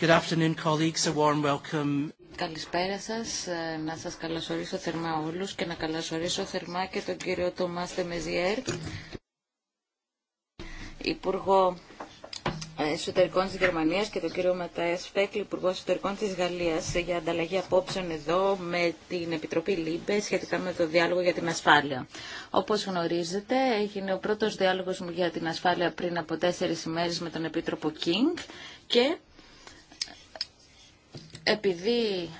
Good afternoon, colleagues. A warm welcome. Καλησπέρα σας. Ε, να σας καλωσορίσω θερμά όλους και να καλωσορίσω θερμά και τον κύριο Τομάστε Τεμεζιέρ, Υπουργό Εσωτερικών της Γερμανίας και τον κύριο Ματάες Φέκλη, Υπουργό Εσωτερικών της Γαλλίας, ε, για ανταλλαγή απόψεων εδώ με την Επιτροπή ΛΥΜΠΕ σχετικά με το διάλογο για την ασφάλεια. Όπως γνωρίζετε, έγινε ο πρώτος διάλογος μου για την ασφάλεια πριν από τέσσερις ημέρες με τον Επίτροπο Κίνγκ και επειδή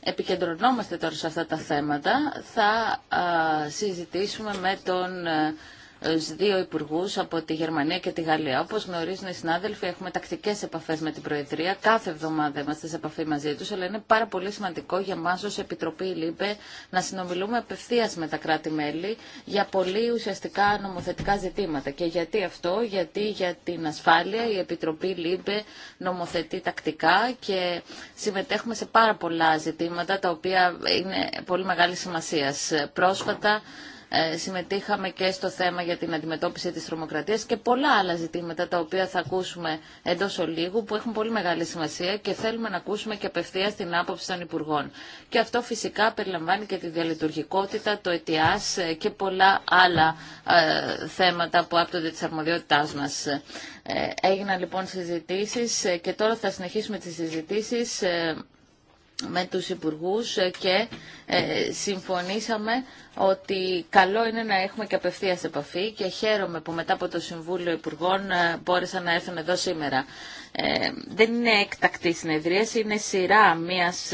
επικεντρωνόμαστε τώρα σε αυτά τα θέματα, θα συζητήσουμε με τον δύο υπουργού από τη Γερμανία και τη Γαλλία. Όπω γνωρίζουν οι συνάδελφοι, έχουμε τακτικέ επαφέ με την Προεδρία. Κάθε εβδομάδα είμαστε σε επαφή μαζί του, αλλά είναι πάρα πολύ σημαντικό για εμά ω Επιτροπή ΛΥΜΠΕ να συνομιλούμε απευθεία με τα κράτη-μέλη για πολύ ουσιαστικά νομοθετικά ζητήματα. Και γιατί αυτό, γιατί για την ασφάλεια η Επιτροπή ΛΥΜΠΕ νομοθετεί τακτικά και συμμετέχουμε σε πάρα πολλά ζητήματα τα οποία είναι πολύ μεγάλη σημασία. Πρόσφατα ε, συμμετείχαμε και στο θέμα για την αντιμετώπιση της τρομοκρατίας και πολλά άλλα ζητήματα τα οποία θα ακούσουμε εντός ολίγου που έχουν πολύ μεγάλη σημασία και θέλουμε να ακούσουμε και απευθεία την άποψη των Υπουργών. Και αυτό φυσικά περιλαμβάνει και τη διαλειτουργικότητα, το ΕΤΙΑΣ ε, και πολλά άλλα ε, θέματα που άπτονται τη αρμοδιότητάς μας. Ε, έγιναν λοιπόν συζητήσεις και τώρα θα συνεχίσουμε τις συζητήσεις με τους υπουργούς ε, και ε, συμφωνήσαμε ότι καλό είναι να έχουμε και απευθείας επαφή και χαίρομαι που μετά από το Συμβούλιο Υπουργών ε, μπόρεσαν να έρθουν εδώ σήμερα. δεν είναι έκτακτη συνεδρίαση, είναι σειρά μιας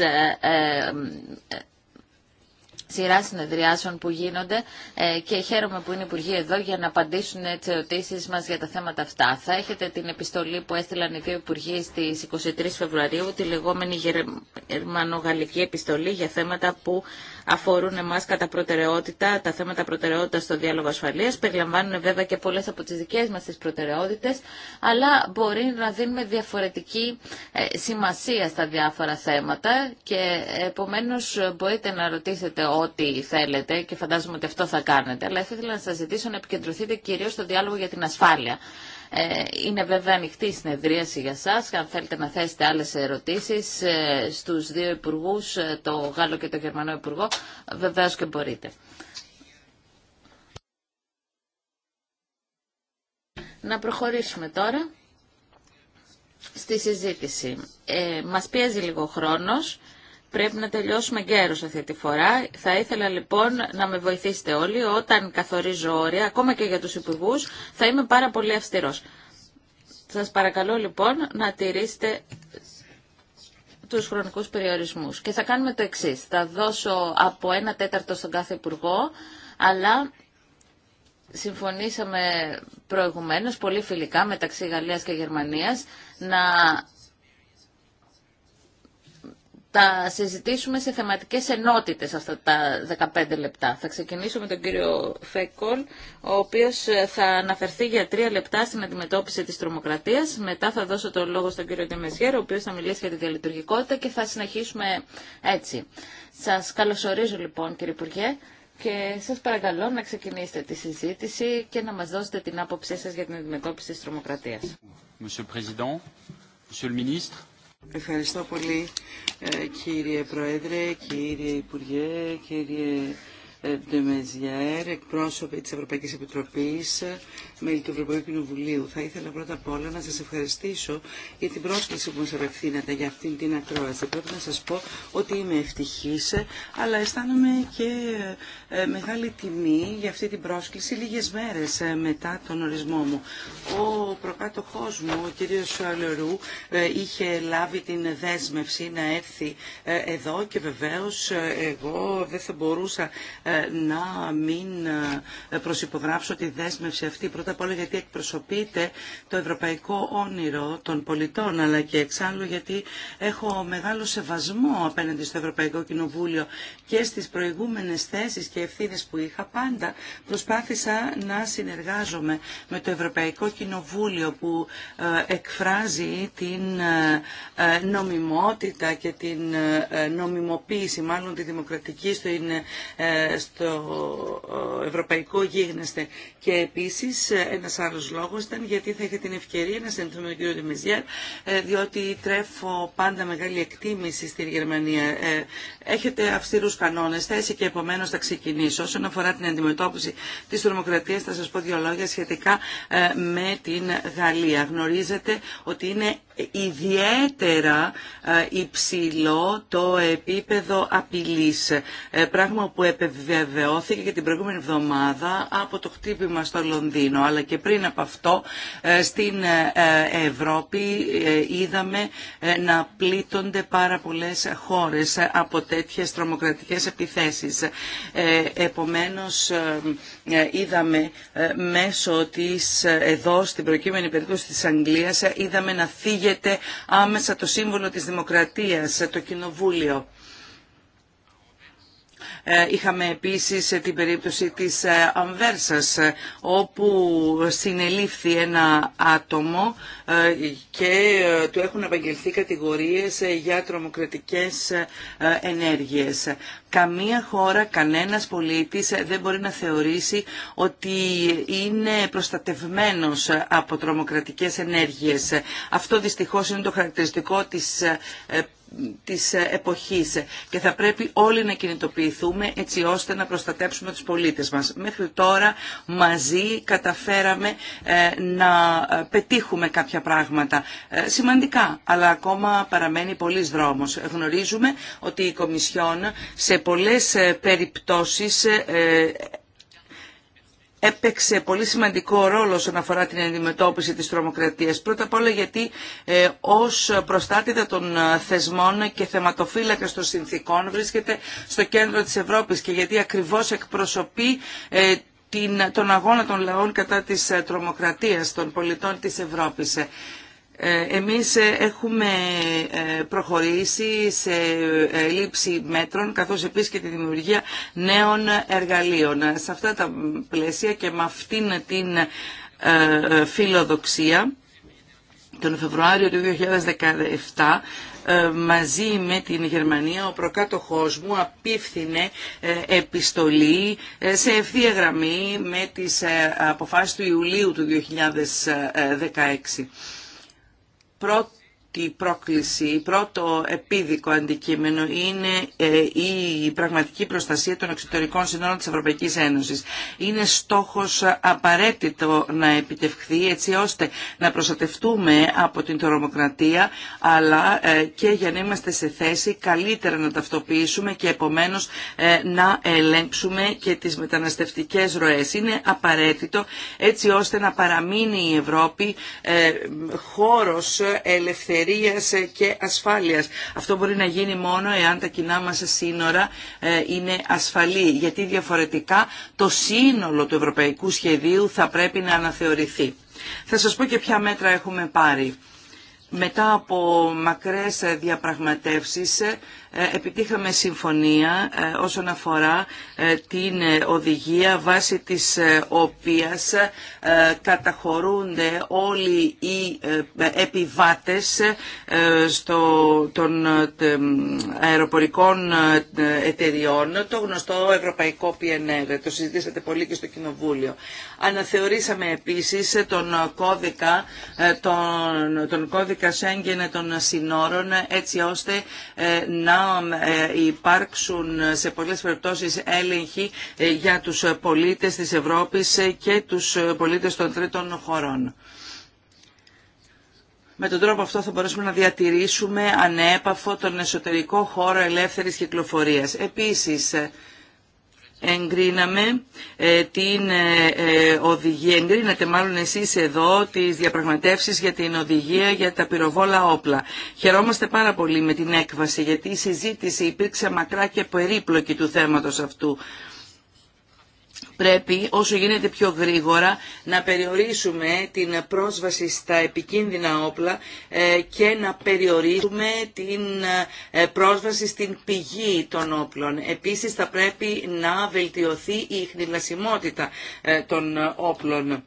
σειρά συνεδριάσεων που γίνονται ε, και χαίρομαι που είναι οι Υπουργοί εδώ για να απαντήσουν τι ερωτήσει μα για τα θέματα αυτά. Θα έχετε την επιστολή που έστειλαν οι δύο Υπουργοί στι 23 Φεβρουαρίου, τη λεγόμενη γερμανογαλλική επιστολή για θέματα που αφορούν εμά κατά προτεραιότητα, τα θέματα προτεραιότητα στο διάλογο ασφαλεία. Περιλαμβάνουν βέβαια και πολλέ από τι δικέ μα τι προτεραιότητε, αλλά μπορεί να δίνουμε διαφορετική ε, σημασία στα διάφορα θέματα και επομένω μπορείτε να ρωτήσετε ό,τι θέλετε και φαντάζομαι ότι αυτό θα κάνετε. Αλλά ήθελα να σα ζητήσω να επικεντρωθείτε κυρίω στο διάλογο για την ασφάλεια. Ε, είναι βέβαια ανοιχτή η συνεδρίαση για σας. Αν θέλετε να θέσετε άλλες ερωτήσεις ε, στους δύο υπουργούς, ε, το Γάλλο και το Γερμανό Υπουργό, βεβαίως και μπορείτε. Να προχωρήσουμε τώρα στη συζήτηση. Ε, μας πιέζει λίγο χρόνος. Πρέπει να τελειώσουμε γέρος αυτή τη φορά. Θα ήθελα λοιπόν να με βοηθήσετε όλοι. Όταν καθορίζω όρια, ακόμα και για τους υπουργού, θα είμαι πάρα πολύ αυστηρό. Σας παρακαλώ λοιπόν να τηρήσετε τους χρονικούς περιορισμούς. Και θα κάνουμε το εξής. Θα δώσω από ένα τέταρτο στον κάθε υπουργό, αλλά συμφωνήσαμε προηγουμένως πολύ φιλικά μεταξύ Γαλλίας και Γερμανίας να θα συζητήσουμε σε θεματικές ενότητες αυτά τα 15 λεπτά. Θα ξεκινήσω με τον κύριο Φέκολ, ο οποίος θα αναφερθεί για τρία λεπτά στην αντιμετώπιση της τρομοκρατίας. Μετά θα δώσω το λόγο στον κύριο Ντεμεζιέρο, ο οποίος θα μιλήσει για τη διαλειτουργικότητα και θα συνεχίσουμε έτσι. Σας καλωσορίζω λοιπόν κύριε Υπουργέ. Και σας παρακαλώ να ξεκινήσετε τη συζήτηση και να μας δώσετε την άποψή σας για την αντιμετώπιση της τρομοκρατίας. Monsieur le Président, Monsieur le Ministre, Ευχαριστώ πολύ ε, κύριε Πρόεδρε, κύριε Υπουργέ, κύριε Ντεμεζιέρ, εκπρόσωποι της Ευρωπαϊκής Επιτροπής, μέλη του Ευρωπαϊκού Κοινοβουλίου. Θα ήθελα πρώτα απ' όλα να σας ευχαριστήσω για την πρόσκληση που μας απευθύνατε για αυτήν την ακρόαση. Πρέπει να σας πω ότι είμαι ευτυχής, αλλά αισθάνομαι και ε, μεγάλη τιμή για αυτή την πρόσκληση λίγες μέρες ε, μετά τον ορισμό μου. Ο προκάτοχός μου, ο κ. Σουαλερού, ε, είχε λάβει την δέσμευση να έρθει εδώ και βεβαίως εγώ δεν θα μπορούσα ε, να μην ε, προσυπογράψω τη δέσμευση αυτή πρώτα απ' όλα γιατί εκπροσωπείται το ευρωπαϊκό όνειρο των πολιτών αλλά και εξάλλου γιατί έχω μεγάλο σεβασμό απέναντι στο Ευρωπαϊκό Κοινοβούλιο και στις προηγούμενες θέσεις και ευθύνε που είχα πάντα προσπάθησα να συνεργάζομαι με το Ευρωπαϊκό Κοινοβούλιο που ε, εκφράζει την νομιμότητα και την νομιμοποίηση μάλλον τη δημοκρατική στο στο ευρωπαϊκό γίγνεσθε. Και επίση ένα άλλο λόγο ήταν γιατί θα είχα την ευκαιρία να συνεχθούμε με τον κύριο Δημιζιέρ, ε, διότι τρέφω πάντα μεγάλη εκτίμηση στη Γερμανία. Ε, έχετε αυστήρου κανόνε θέση και επομένω θα ξεκινήσω. Όσον αφορά την αντιμετώπιση τη τρομοκρατία, θα σα πω δύο λόγια σχετικά ε, με την Γαλλία. Γνωρίζετε ότι είναι ιδιαίτερα υψηλό το επίπεδο απειλής, πράγμα που επεβεβαιώνει επιβεβαιώθηκε και την προηγούμενη εβδομάδα από το χτύπημα στο Λονδίνο, αλλά και πριν από αυτό ε, στην ε, ε, Ευρώπη είδαμε να πλήττονται πάρα πολλές χώρες από τέτοιες τρομοκρατικές επιθέσεις. Επομένως είδαμε μέσω της εδώ στην προκείμενη περίπτωση της Αγγλίας είδαμε να θίγεται άμεσα το σύμβολο της δημοκρατίας, το κοινοβούλιο. Ε, είχαμε επίσης την περίπτωση της Αμβέρσας ε, ε, όπου συνελήφθη ένα άτομο και του έχουν απαγγελθεί κατηγορίες για τρομοκρατικές ενέργειες. Καμία χώρα, κανένας πολίτης δεν μπορεί να θεωρήσει ότι είναι προστατευμένος από τρομοκρατικές ενέργειες. Αυτό δυστυχώς είναι το χαρακτηριστικό της της ε, εποχής και θα πρέπει όλοι να κινητοποιηθούμε έτσι ώστε να προστατέψουμε τους πολίτες μας. Μέχρι τώρα μαζί καταφέραμε ε, να ε, πετύχουμε κάποια πράγματα σημαντικά, αλλά ακόμα παραμένει πολλής δρόμος. Γνωρίζουμε ότι η Κομισιόν σε πολλές περιπτώσεις έπαιξε πολύ σημαντικό ρόλο όσον αφορά την αντιμετώπιση της τρομοκρατίας. Πρώτα απ' όλα γιατί ε, ως προστάτητα των ε, θεσμών και θεματοφύλακα των συνθήκων βρίσκεται στο κέντρο της Ευρώπης και γιατί ακριβώς εκπροσωπεί ε, την, τον αγώνα των λαών κατά της τρομοκρατίας των πολιτών της Ευρώπης. Ε, εμείς ε, έχουμε ε, προχωρήσει σε λήψη μέτρων καθώς επίσης και τη δημιουργία νέων εργαλείων. Σε αυτά τα πλαίσια και με αυτήν την φιλοδοξία τον Φεβρουάριο του 2017 μαζί με την Γερμανία ο προκάτοχός μου απίφθινε επιστολή σε ευθεία γραμμή με τις αποφάσεις του Ιουλίου του 2016 πρώτη πρώτη πρόκληση, πρώτο επίδικο αντικείμενο είναι ε, η πραγματική προστασία των εξωτερικών συνόρων της Ευρωπαϊκής Ένωσης. Είναι στόχος απαραίτητο να επιτευχθεί έτσι ώστε να προστατευτούμε από την τρομοκρατία αλλά ε, και για να είμαστε σε θέση καλύτερα να ταυτοποιήσουμε και επομένως ε, να ελέγξουμε και τις μεταναστευτικές ροές. Είναι απαραίτητο έτσι ώστε να παραμείνει η Ευρώπη χώρος ελευθερίας ε, και ασφάλειας. Αυτό μπορεί να γίνει μόνο εάν τα κοινά μα σύνορα ε, είναι ασφαλή, γιατί διαφορετικά το σύνολο του ευρωπαϊκού σχεδίου θα πρέπει να αναθεωρηθεί. Θα σα πω και ποια μέτρα έχουμε πάρει. Μετά από μακρές διαπραγματεύσεις ε, ε, επιτύχαμε συμφωνία ε, όσον αφορά ε, την οδηγία βάσει της οποίας καταχωρούνται όλοι οι επιβάτες στο, των αεροπορικών εταιριών, το γνωστό ευρωπαϊκό PNR. Το συζητήσατε πολύ και στο Κοινοβούλιο. Αναθεωρήσαμε επίσης τον κώδικα, τον, τον κώδικα Σέγγεν των συνόρων έτσι ώστε να ε, υπάρξουν σε πολλές περιπτώσεις έλεγχοι ε, για τους πολίτες της Ευρώπης ε, και τους πολίτες των τρίτων χωρών. Με τον τρόπο αυτό θα μπορέσουμε να διατηρήσουμε ανέπαφο τον εσωτερικό χώρο ελεύθερης κυκλοφορίας. Επίσης, εγκρίναμε ε, την ε, ε, οδηγία, εγκρίνατε μάλλον εσείς εδώ τις διαπραγματεύσεις για την οδηγία για τα πυροβόλα όπλα. Χαιρόμαστε πάρα πολύ με την έκβαση γιατί η συζήτηση υπήρξε μακρά και περίπλοκη του θέματος αυτού πρέπει όσο γίνεται πιο γρήγορα να περιορίσουμε την πρόσβαση στα επικίνδυνα όπλα ε, και να περιορίσουμε την ε, πρόσβαση στην πηγή των όπλων. Επίσης θα πρέπει να βελτιωθεί η χνηλασιμότητα ε, των όπλων.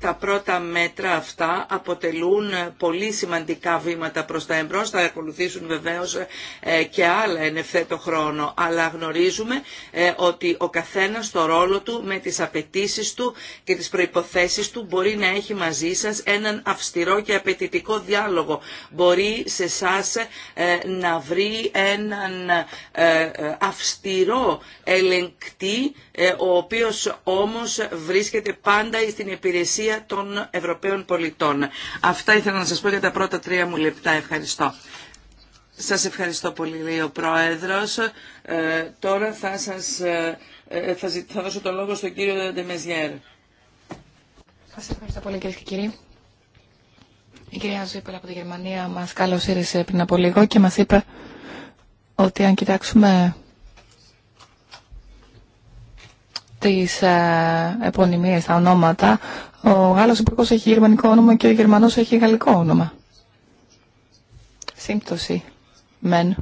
Τα πρώτα μέτρα αυτά αποτελούν πολύ σημαντικά βήματα προς τα εμπρός, θα ακολουθήσουν βεβαίως και άλλα εν ευθέτω χρόνο, αλλά γνωρίζουμε ότι ο καθένας το ρόλο του με τις απαιτήσει του και τις προϋποθέσεις του, μπορεί να έχει μαζί σας έναν αυστηρό και απαιτητικό διάλογο. Μπορεί σε εσά ε, να βρει έναν ε, αυστηρό ελεγκτή, ε, ο οποίος όμως βρίσκεται πάντα στην υπηρεσία των Ευρωπαίων πολιτών. Αυτά ήθελα να σας πω για τα πρώτα τρία μου λεπτά. Ευχαριστώ. Σας ευχαριστώ πολύ, λέει ο Πρόεδρος. τώρα θα σας ε, θα, δώσω το λόγο στον κύριο Ντεμεζιέρ. Σας ευχαριστώ πολύ κύριε και κύριοι. Η κυρία Ζήπελ από τη Γερμανία μας καλωσήρισε πριν από λίγο και μας είπε ότι αν κοιτάξουμε τις ε, επωνυμίες, τα ονόματα, ο Γάλλος Υπουργό έχει γερμανικό όνομα και ο Γερμανός έχει γαλλικό όνομα. Σύμπτωση, μεν,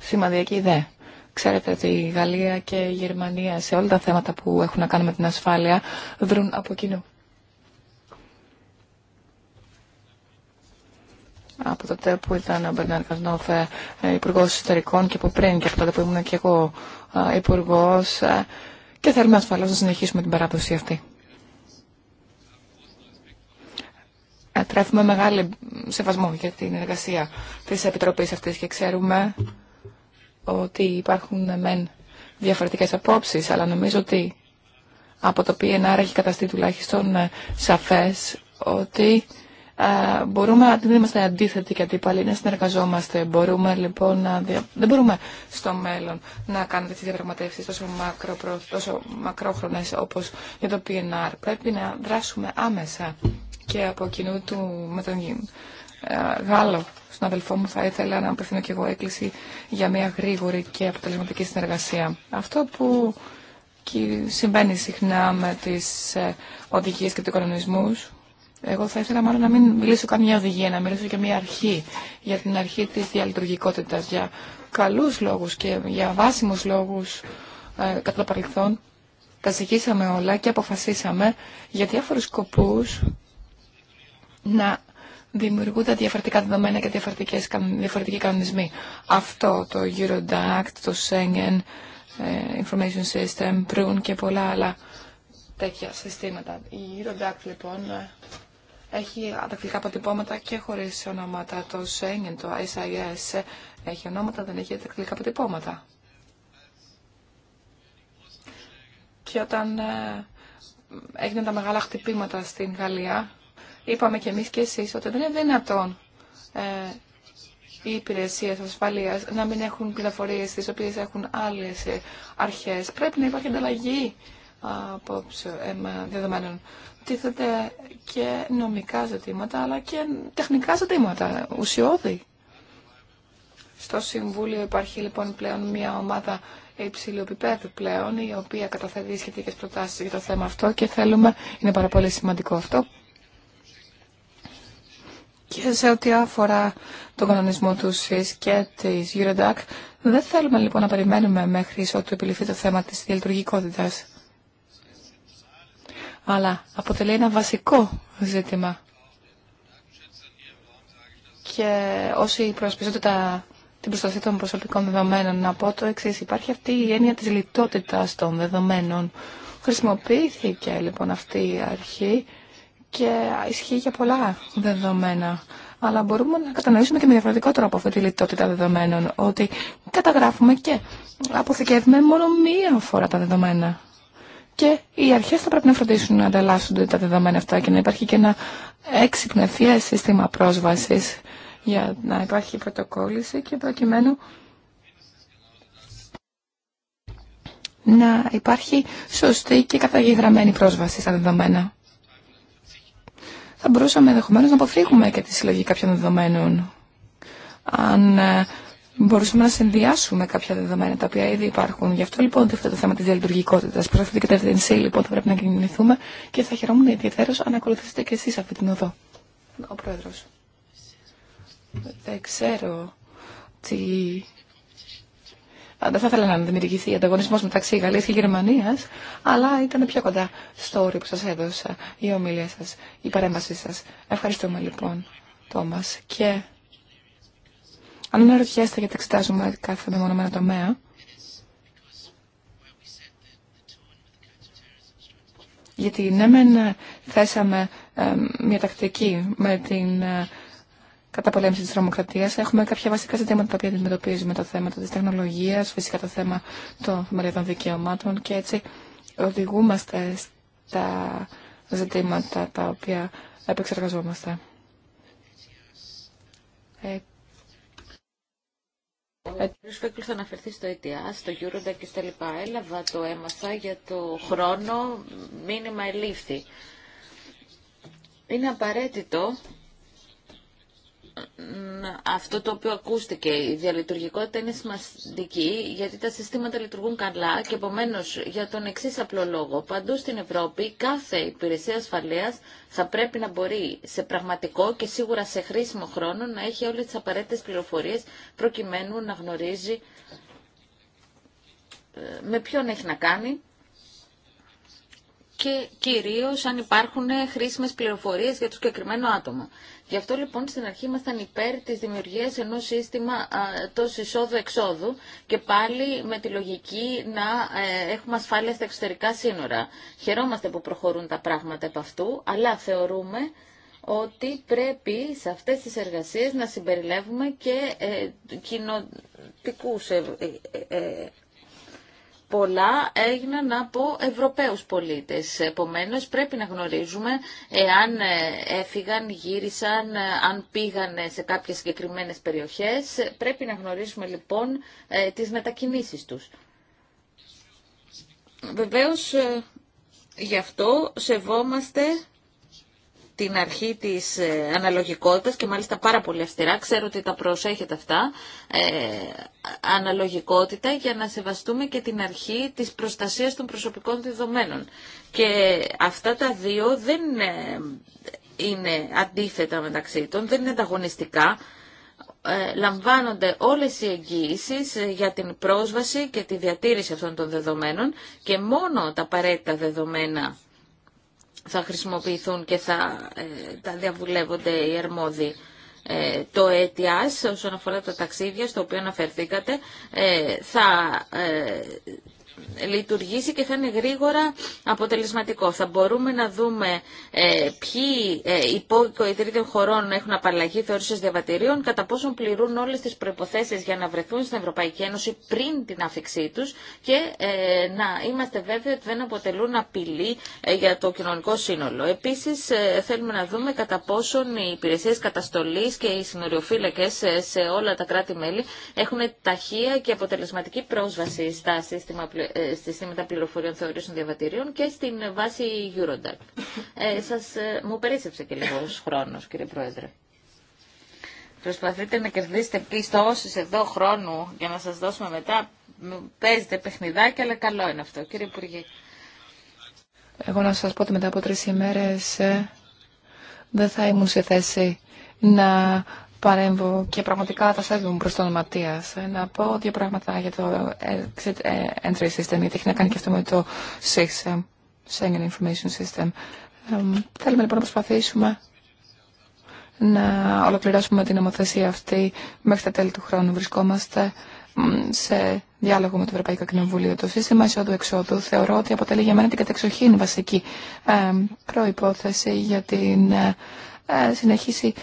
σημαδιακή ιδέα. Ξέρετε ότι η Γαλλία και η Γερμανία σε όλα τα θέματα που έχουν να κάνουν με την ασφάλεια βρουν από κοινού. από τότε που ήταν ο Μπερνάρ Καρνόφ ε, υπουργό εσωτερικών και από πριν και από τότε που ήμουν και εγώ ε, υπουργό. Ε, και θέλουμε ασφαλώς να συνεχίσουμε την παράδοση αυτή. Τρέφουμε μεγάλη σεβασμό για την εργασία της Επιτροπής αυτής και ξέρουμε ότι υπάρχουν ε, μεν διαφορετικές απόψεις, αλλά νομίζω ότι από το PNR έχει καταστεί τουλάχιστον ε, σαφές ότι ε, μπορούμε, δεν είμαστε αντίθετοι και αντίπαλοι, να συνεργαζόμαστε. Μπορούμε λοιπόν να Δεν μπορούμε στο μέλλον να κάνουμε τι διαπραγματεύσεις τόσο, μακροπρο... τόσο μακρόχρονες όπως για το PNR. Πρέπει να δράσουμε άμεσα και από κοινού του με τον Γάλλο συναδελφό αδελφό μου θα ήθελα να απευθύνω και εγώ έκκληση για μια γρήγορη και αποτελεσματική συνεργασία. Αυτό που συμβαίνει συχνά με τι ε, οδηγίε και του οικονομισμού, εγώ θα ήθελα μάλλον να μην μιλήσω καμία οδηγία, να μιλήσω για μια αρχή, για την αρχή της διαλειτουργικότητας, για καλούς λόγους και για βάσιμους λόγους ε, κατά το παρελθόν. Τα ζυγίσαμε όλα και αποφασίσαμε για διάφορους σκοπούς να δημιουργούνται διαφορετικά δεδομένα και διαφορετικές, διαφορετικοί κανονισμοί. Αυτό το Eurodact, το Schengen, ε, Information System, Prune και πολλά άλλα τέτοια συστήματα. Η Eurodact λοιπόν ε, έχει αντακτικά αποτυπώματα και χωρίς ονόματα. Το Schengen, το SIS ε, έχει ονόματα, δεν έχει αντακτικά αποτυπώματα. Και όταν έγιναν τα μεγάλα χτυπήματα στην Γαλλία, είπαμε και εμείς και εσείς ότι δεν είναι δυνατόν ε, οι υπηρεσίες ασφαλείας να μην έχουν πληροφορίες τις οποίες έχουν άλλες ε, αρχές. Πρέπει να υπάρχει ανταλλαγή απόψε ε, δεδομένων. Τίθεται και νομικά ζητήματα αλλά και τεχνικά ζητήματα, ουσιώδη. Στο Συμβούλιο υπάρχει λοιπόν πλέον μια ομάδα υψηλού επίπεδου πλέον η οποία καταθέτει σχετικές προτάσεις για το θέμα αυτό και θέλουμε, είναι πάρα πολύ σημαντικό αυτό, και σε ό,τι αφορά τον κανονισμό του ΣΥΣ και τη Eurodac. Δεν θέλουμε λοιπόν να περιμένουμε μέχρι ότου επιληφθεί το θέμα της διαλειτουργικότητας. Αλλά αποτελεί ένα βασικό ζήτημα. Και όσοι προσπίζονται τα, την προστασία των προσωπικών δεδομένων, να πω το εξή. Υπάρχει αυτή η έννοια της λιτότητας των δεδομένων. Χρησιμοποιήθηκε λοιπόν αυτή η αρχή και ισχύει για πολλά δεδομένα. Αλλά μπορούμε να κατανοήσουμε και με διαφορετικό τρόπο αυτή τη λιτότητα δεδομένων, ότι καταγράφουμε και αποθηκεύουμε μόνο μία φορά τα δεδομένα. Και οι αρχές θα πρέπει να φροντίσουν να ανταλλάσσονται τα δεδομένα αυτά και να υπάρχει και ένα έξυπνο σύστημα πρόσβασης για να υπάρχει πρωτοκόλληση και προκειμένου να υπάρχει σωστή και καταγεγραμμένη πρόσβαση στα δεδομένα θα μπορούσαμε ενδεχομένω να αποφύγουμε και τη συλλογή κάποιων δεδομένων. Αν ε, μπορούσαμε να συνδυάσουμε κάποια δεδομένα τα οποία ήδη υπάρχουν. Γι' αυτό λοιπόν αυτό το θέμα τη διαλειτουργικότητα. Προ αυτή την κατεύθυνση λοιπόν θα πρέπει να κινηθούμε και θα χαιρόμουν ιδιαίτερω αν ακολουθήσετε και εσεί αυτή την οδό. Ο πρόεδρο. Δεν ξέρω τι δεν θα ήθελα να δημιουργηθεί ανταγωνισμό μεταξύ Γαλλία και Γερμανία, αλλά ήταν πιο κοντά στο όριο που σα έδωσα η ομιλία σα, η παρέμβασή σα. Ευχαριστούμε λοιπόν, Τόμα. Και αν αναρωτιέστε γιατί εξετάζουμε κάθε μεμονωμένο τομέα, γιατί ναι μεν θέσαμε ε, μια τακτική με την ε, καταπολέμηση της τρομοκρατίας. Έχουμε κάποια βασικά ζητήματα τα οποία αντιμετωπίζουμε, το θέμα της τεχνολογίας, φυσικά το θέμα των θεμελιωδών δικαιωμάτων και έτσι οδηγούμαστε στα ζητήματα τα οποία επεξεργαζόμαστε. Ε, ε, Ο κ. Φέκλου θα αναφερθεί στο ETA, στο Eurodac και στα λοιπά. Έλαβα το έμαθα για το χρόνο μήνυμα ελήφθη. Είναι απαραίτητο ναι, αυτό το οποίο ακούστηκε. Η διαλειτουργικότητα είναι σημαντική γιατί τα συστήματα λειτουργούν καλά και επομένω για τον εξή απλό λόγο. Παντού στην Ευρώπη κάθε υπηρεσία ασφαλεία θα πρέπει να μπορεί σε πραγματικό και σίγουρα σε χρήσιμο χρόνο να έχει όλε τι απαραίτητε πληροφορίε προκειμένου να γνωρίζει ε, με ποιον έχει να κάνει και κυρίω αν υπάρχουν χρήσιμε πληροφορίε για το συγκεκριμένο άτομο. Γι' αυτό λοιπόν στην αρχή ήμασταν υπέρ τη δημιουργία ενό ενός σύστημα τόσο εισόδου-εξόδου και πάλι με τη λογική να ε, έχουμε ασφάλεια στα εξωτερικά σύνορα. Χαιρόμαστε που προχωρούν τα πράγματα από αυτού, αλλά θεωρούμε ότι πρέπει σε αυτές τις εργασίες να συμπεριλεύουμε και ε, κοινοτικούς ε, ε, πολλά έγιναν από Ευρωπαίους πολίτες. Επομένως πρέπει να γνωρίζουμε εάν έφυγαν, γύρισαν, αν πήγαν σε κάποιες συγκεκριμένες περιοχές. Πρέπει να γνωρίζουμε λοιπόν ε, τις μετακινήσεις τους. Βεβαίως ε, γι' αυτό σεβόμαστε την αρχή της ε, αναλογικότητας και μάλιστα πάρα πολύ αυστηρά, ξέρω ότι τα προσέχετε αυτά, ε, αναλογικότητα για να σεβαστούμε και την αρχή της προστασίας των προσωπικών δεδομένων. Και αυτά τα δύο δεν ε, είναι αντίθετα μεταξύ των, δεν είναι ανταγωνιστικά. Ε, λαμβάνονται όλες οι εγγύησει για την πρόσβαση και τη διατήρηση αυτών των δεδομένων και μόνο τα απαραίτητα δεδομένα θα χρησιμοποιηθούν και θα ε, τα διαβουλεύονται οι αρμόδιοι. Ε, το ΕΤΙΑΣ όσον αφορά τα ταξίδια στο οποίο αναφερθήκατε ε, θα λειτουργήσει και θα είναι γρήγορα αποτελεσματικό. Θα μπορούμε να δούμε ε, ποιοι ε, υπόκοοι τρίτων χωρών έχουν απαλλαγή θεώρησης διαβατηρίων, κατά πόσον πληρούν όλες τις προϋποθέσεις για να βρεθούν στην Ευρωπαϊκή Ένωση πριν την άφηξή τους και ε, να είμαστε βέβαιοι ότι δεν αποτελούν απειλή ε, για το κοινωνικό σύνολο. Επίσης ε, θέλουμε να δούμε κατά πόσον οι υπηρεσίες καταστολής και οι συνοριοφύλακες σε όλα τα κράτη-μέλη έχουν ταχεία και αποτελεσματική πρόσβαση στα σύστημα ε, στη σύμμετα πληροφοριών θεωρήσεων διαβατηρίων και στην βάση Eurodac. Ε, σας, ε, μου περίσσεψε και λίγο χρόνος, κύριε Πρόεδρε. Προσπαθείτε να κερδίσετε πιστώσεις εδώ χρόνου για να σας δώσουμε μετά. Παίζετε παιχνιδάκια, αλλά καλό είναι αυτό, κύριε Υπουργέ. Εγώ να σας πω ότι μετά από τρεις ημέρες ε, δεν θα ήμουν σε θέση να παρέμβω και πραγματικά τα σέβομαι προς τον Ματίας. Ε, να πω δύο πράγματα για το Exit ε, Entry System, γιατί έχει να κάνει και αυτό με το SIS, Schengen Information System. Ε, θέλουμε λοιπόν να προσπαθήσουμε να ολοκληρώσουμε την νομοθεσία αυτή μέχρι τα τέλη του χρόνου. Βρισκόμαστε σε διάλογο με το Ευρωπαϊκό Κοινοβούλιο. Το σύστημα εισόδου-εξόδου θεωρώ ότι αποτελεί για μένα την κατεξοχήν βασική προϋπόθεση για την συνεχίση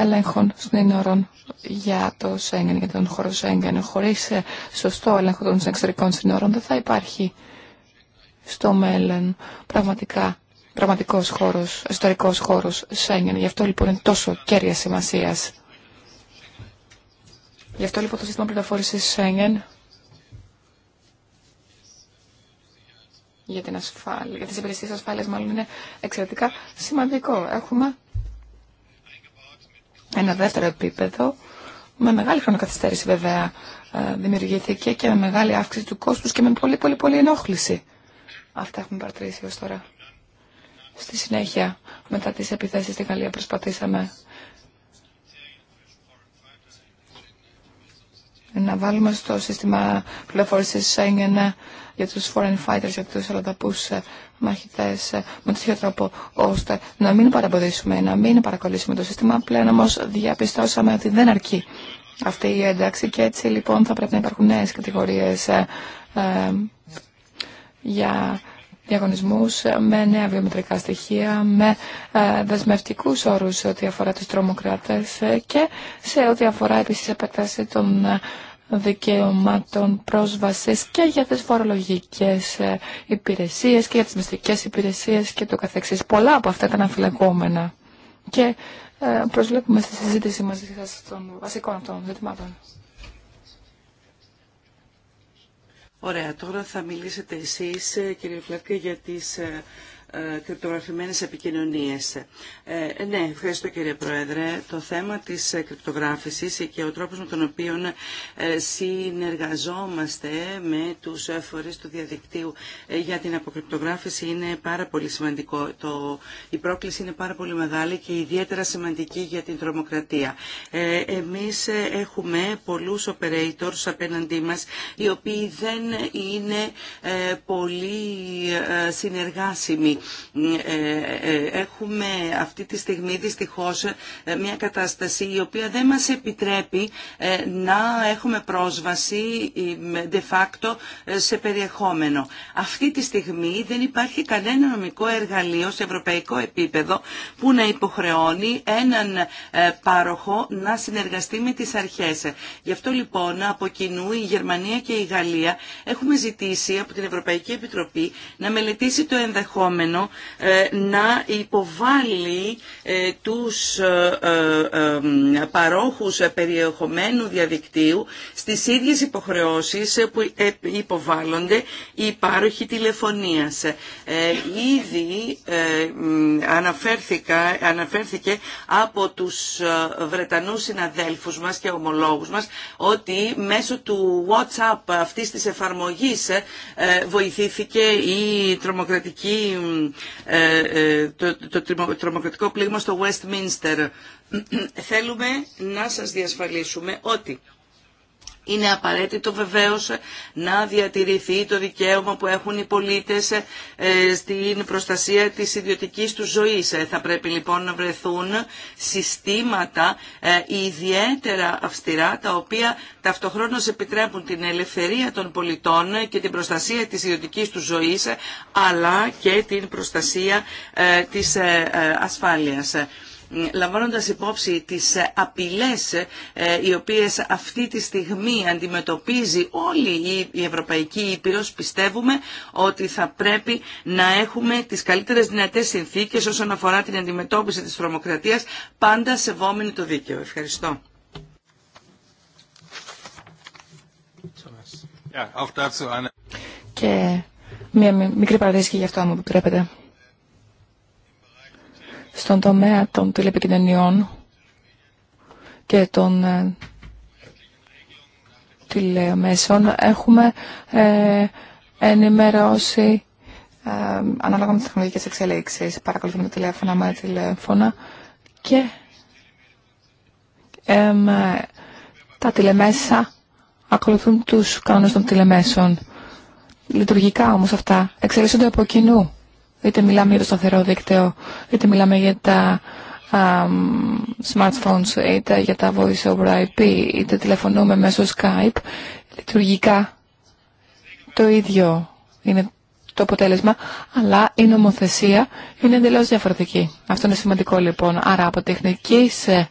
ελέγχων συνήνωρων για το Σέγγεν, για τον χώρο Σέγγεν. Χωρίς ε, σωστό έλεγχο των εξωτερικών συνόρων δεν θα υπάρχει στο μέλλον πραγματικά πραγματικός χώρος, ιστορικός χώρος Σέγγεν. Γι' αυτό λοιπόν είναι τόσο κέρια σημασία. Γι' αυτό λοιπόν το σύστημα πληροφόρησης Σέγγεν για, την ασφάλεια, για τις υπηρεσίες ασφάλειας μάλλον είναι εξαιρετικά σημαντικό. Έχουμε ένα δεύτερο επίπεδο, με μεγάλη χρονοκαθυστέρηση βέβαια, ε, δημιουργήθηκε και με μεγάλη αύξηση του κόστους και με πολύ πολύ πολύ ενόχληση. Αυτά έχουμε παρατηρήσει ως τώρα. Στη συνέχεια, μετά τις επιθέσεις στη Γαλλία, προσπαθήσαμε να βάλουμε στο σύστημα πληροφόρηση Schengen για τους foreign fighters, για τους αλλαδαπούς ε, μαχητές ε, με τέτοιο τρόπο ώστε να μην παραμποδίσουμε, να μην παρακολουθήσουμε το σύστημα. Πλέον όμως διαπιστώσαμε ότι δεν αρκεί αυτή η ένταξη και έτσι λοιπόν θα πρέπει να υπάρχουν νέες κατηγορίες ε, ε για διαγωνισμούς με νέα βιομετρικά στοιχεία, με ε, δεσμευτικούς όρους σε ό,τι αφορά τους τρομοκράτες ε, και σε ό,τι αφορά επίσης επέκταση των δικαιωμάτων πρόσβασης και για τις φορολογικές ε, υπηρεσίες και για τις μυστικές υπηρεσίες και το καθεξής. Πολλά από αυτά ήταν αφιλεγόμενα και ε, προσβλέπουμε στη συζήτηση μαζί σας των βασικών αυτών ζητημάτων. Ωραία, τώρα θα μιλήσετε εσείς ε, κύριε Φλάκη για τις κρυπτογραφημένες επικοινωνίες. Ε, ναι, ευχαριστώ κύριε Πρόεδρε. Το θέμα της ε, κρυπτογράφησης και ο τρόπος με τον οποίο ε, συνεργαζόμαστε με τους φορείς του διαδικτύου για την αποκρυπτογράφηση είναι πάρα πολύ σημαντικό. Το, η πρόκληση είναι πάρα πολύ μεγάλη και ιδιαίτερα σημαντική για την τρομοκρατία. Ε, εμείς έχουμε πολλούς operators απέναντί μας οι οποίοι δεν είναι πολύ συνεργάσιμοι ε, ε, ε, έχουμε αυτή τη στιγμή δυστυχώς μια κατάσταση η οποία δεν μας επιτρέπει να έχουμε πρόσβαση de facto σε περιεχόμενο. Αυτή τη στιγμή δεν υπάρχει κανένα νομικό εργαλείο σε ευρωπαϊκό επίπεδο που να υποχρεώνει έναν πάροχο να συνεργαστεί με τις αρχές. Γι' αυτό λοιπόν από κοινού η Γερμανία και η Γαλλία έχουμε ζητήσει από την Ευρωπαϊκή Επιτροπή να μελετήσει το ενδεχόμενο ε, να υποβάλει ε, τους ε, παρόχους περιεχομένου διαδικτύου στις ίδιες υποχρεώσεις που υποβάλλονται οι παροχή τηλεφωνίας. Ήδη αναφέρθηκε από τους Βρετανούς συναδέλφους μας και ομολόγους μας ότι μέσω του WhatsApp αυτής της εφαρμογής βοηθήθηκε η τρομοκρατική ε, ε, το, το τρομοκρατικό πλήγμα στο Westminster. Θέλουμε να σας διασφαλίσουμε ότι είναι απαραίτητο βεβαίως να διατηρηθεί το δικαίωμα που έχουν οι πολίτες ε, στην προστασία της ιδιωτικής του ζωής. Ε, θα πρέπει λοιπόν να βρεθούν συστήματα ε, ιδιαίτερα αυστηρά τα οποία ταυτοχρόνως επιτρέπουν την ελευθερία των πολιτών και την προστασία της ιδιωτικής του ζωής αλλά και την προστασία της ασφάλειας λαμβάνοντας υπόψη τις απειλές ε, οι οποίες αυτή τη στιγμή αντιμετωπίζει όλη η Ευρωπαϊκή ήπειρο, πιστεύουμε ότι θα πρέπει να έχουμε τις καλύτερες δυνατές συνθήκες όσον αφορά την αντιμετώπιση της τρομοκρατίας, πάντα σεβόμενη το δίκαιο. Ευχαριστώ. Και μια μικρή παρατήρηση για γι' αυτό μου επιτρέπετε στον τομέα των τηλεπικοινωνιών και των ε, τηλεμέσων έχουμε ε, ενημερώσει ε, ανάλογα με τις τεχνολογικές εξελίξεις. Παρακολουθούμε τηλέφωνα με τηλέφωνα και ε, τα τηλεμέσα ακολουθούν τους κανόνες των τηλεμέσων. Λειτουργικά όμως αυτά εξελίσσονται από κοινού. Είτε μιλάμε για το σταθερό δίκτυο, είτε μιλάμε για τα smartphones, είτε για τα voice over IP, είτε τηλεφωνούμε μέσω Skype, λειτουργικά το ίδιο είναι το αποτέλεσμα, αλλά η νομοθεσία είναι εντελώ διαφορετική. Αυτό είναι σημαντικό λοιπόν. Άρα από τεχνική ε,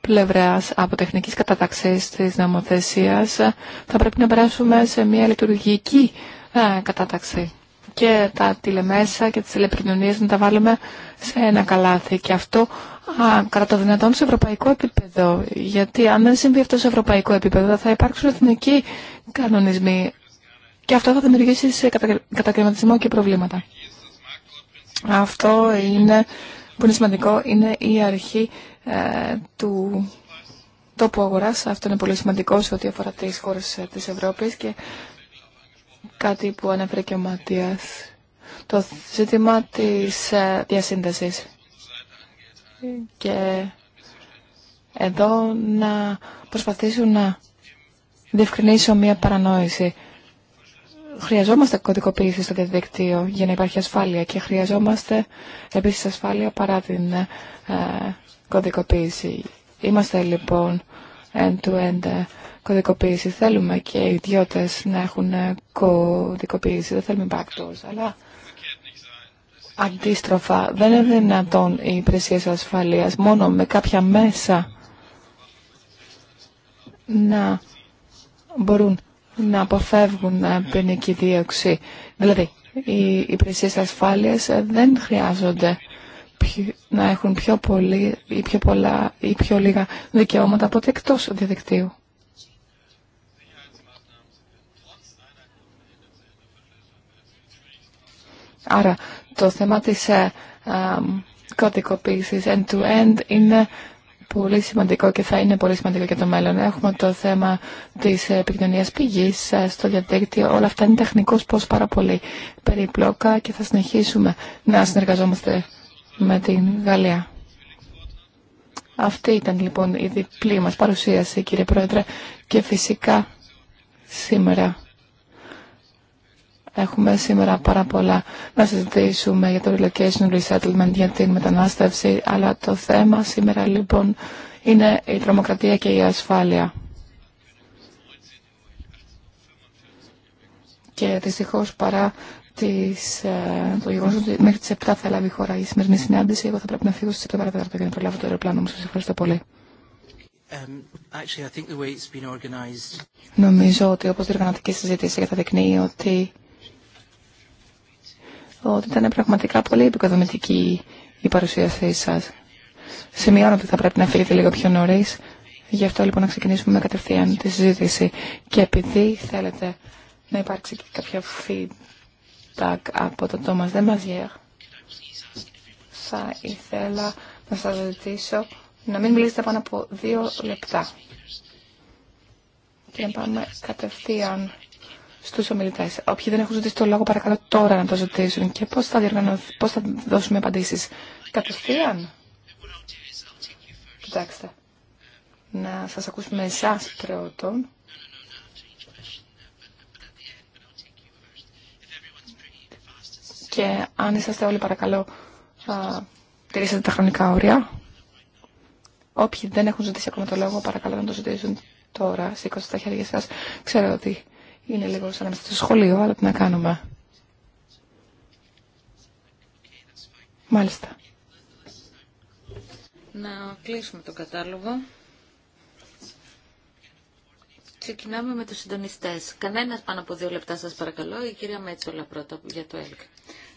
πλευρά, από τεχνική καταταξή τη νομοθεσία, θα πρέπει να περάσουμε σε μια λειτουργική ε, κατάταξη και τα τηλεμέσα και τις τηλεπικοινωνίες να τα βάλουμε σε ένα καλάθι. Και αυτό α, κατά το δυνατόν σε ευρωπαϊκό επίπεδο. Γιατί αν δεν συμβεί αυτό σε ευρωπαϊκό επίπεδο θα υπάρξουν εθνικοί κανονισμοί. Και αυτό θα δημιουργήσει σε κατακριματισμό και προβλήματα. Αυτό είναι, που είναι σημαντικό είναι η αρχή ε, του τόπου αγοράς. Αυτό είναι πολύ σημαντικό σε ό,τι αφορά τις χώρες ε, της Ευρώπης και κάτι που ανέφερε και ο Ματίας. Το ζήτημα της ε, διασύνδεσης. Και εδώ να προσπαθήσω να διευκρινίσω μία παρανόηση. Χρειαζόμαστε κωδικοποίηση στο διαδικτύο για να υπάρχει ασφάλεια και χρειαζόμαστε επίσης ασφάλεια παρά την ε, κωδικοποίηση. Είμαστε λοιπόν end-to-end end to end κωδικοποίηση. Θέλουμε και οι ιδιώτε να έχουν ε, κωδικοποίηση, δεν θέλουμε backdoors, αλλά αντίστροφα δεν είναι δυνατόν οι υπηρεσίε ασφαλεία, μόνο με κάποια μέσα να μπορούν να αποφεύγουν ε, ποινική δίωξη. Δηλαδή, οι υπηρεσίε ασφάλεια ε, δεν χρειάζονται να έχουν πιο, πολύ, ή πιο πολλά ή πιο λίγα δικαιώματα από ότι διαδικτύου. Άρα το θέμα της ε, κωδικοποίησης end-to-end είναι πολύ σημαντικό και θα είναι πολύ σημαντικό για το μέλλον. Έχουμε το θέμα της επικοινωνίας πηγής ε, στο διαδίκτυο. Όλα αυτά είναι τεχνικός πώς πάρα πολύ περιπλόκα και θα συνεχίσουμε να συνεργαζόμαστε με την Γαλλία. Αυτή ήταν λοιπόν η διπλή μας παρουσίαση κύριε Πρόεδρε και φυσικά σήμερα Έχουμε σήμερα πάρα πολλά να συζητήσουμε για το relocation resettlement, για την μετανάστευση, αλλά το θέμα σήμερα λοιπόν είναι η τρομοκρατία και η ασφάλεια. Και δυστυχώ παρά τις, ε, το γεγονό ότι μέχρι τι 7 θα λάβει η χώρα η σημερινή συνάντηση, εγώ θα πρέπει να φύγω στι 7 παρατέταρτο για να προλάβω το αεροπλάνο μου. Σα ευχαριστώ πολύ. Um, Νομίζω ότι όπως διοργανωτική συζήτηση δεικνύει ότι ότι ήταν πραγματικά πολύ επικοδομητική η παρουσίασή σας. Σημειώνω ότι θα πρέπει να φύγετε λίγο πιο νωρί. Γι' αυτό λοιπόν να ξεκινήσουμε κατευθείαν τη συζήτηση. Και επειδή θέλετε να υπάρξει και κάποια feedback από τον Τόμας Δεμαζιέρ, θα ήθελα να σας ζητήσω να μην μιλήσετε πάνω από δύο λεπτά. Και να πάμε κατευθείαν στους ομιλητές. Όποιοι δεν έχουν ζητήσει το λόγο παρακαλώ τώρα να το ζητήσουν και πώς θα, διοργανωθ... πώς θα δώσουμε απαντήσεις. Κατευθείαν. Κοιτάξτε. Να σας ακούσουμε εσάς πρώτον. Και αν είσαστε όλοι παρακαλώ, θα τηρήσετε τα χρονικά όρια. Όποιοι δεν έχουν ζητήσει ακόμα το λόγο, παρακαλώ να το ζητήσουν τώρα. Σήκωστε τα χέρια σας. Ξέρω ότι είναι λίγο σαν να στο σχολείο, αλλά τι να κάνουμε. Μάλιστα. Να κλείσουμε το κατάλογο. Ξεκινάμε με τους συντονιστές. Κανένας πάνω από δύο λεπτά σας παρακαλώ. Η κυρία Μέτσολα πρώτα για το ΕΛΚ.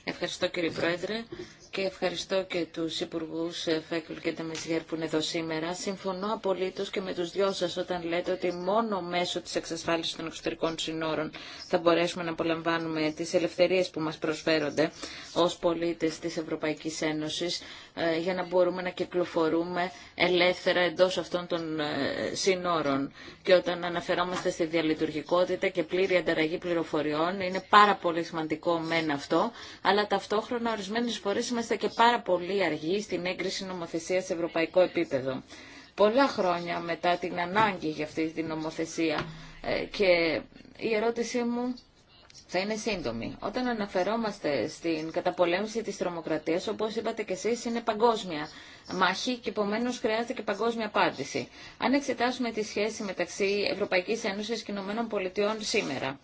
Ευχαριστώ κύριε Πρόεδρε και ευχαριστώ και τους Υπουργούς ε, Φέκλου και Τεμεσγέρ που είναι εδώ σήμερα. Συμφωνώ απολύτως και με τους δυο σας όταν λέτε ότι μόνο μέσω της εξασφάλισης των εξωτερικών συνόρων θα μπορέσουμε να απολαμβάνουμε τις ελευθερίες που μας προσφέρονται ως πολίτες της Ευρωπαϊκής Ένωσης ε, για να μπορούμε να κυκλοφορούμε ελεύθερα εντός αυτών των ε, συνόρων. Και όταν αναφερόμαστε στη διαλειτουργικότητα και πλήρη ανταραγή πληροφοριών, είναι πάρα πολύ σημαντικό μεν αυτό, αλλά ταυτόχρονα ορισμένε φορέ είμαστε και πάρα πολύ αργοί στην έγκριση νομοθεσία σε ευρωπαϊκό επίπεδο. Πολλά χρόνια μετά την ανάγκη για αυτή την νομοθεσία ε, και η ερώτησή μου θα είναι σύντομη. Όταν αναφερόμαστε στην καταπολέμηση της τρομοκρατίας, όπως είπατε και εσείς, είναι παγκόσμια μάχη και επομένω χρειάζεται και παγκόσμια απάντηση. Αν εξετάσουμε τη σχέση μεταξύ Ευρωπαϊκής Ένωσης και Ηνωμένων Πολιτειών σήμερα,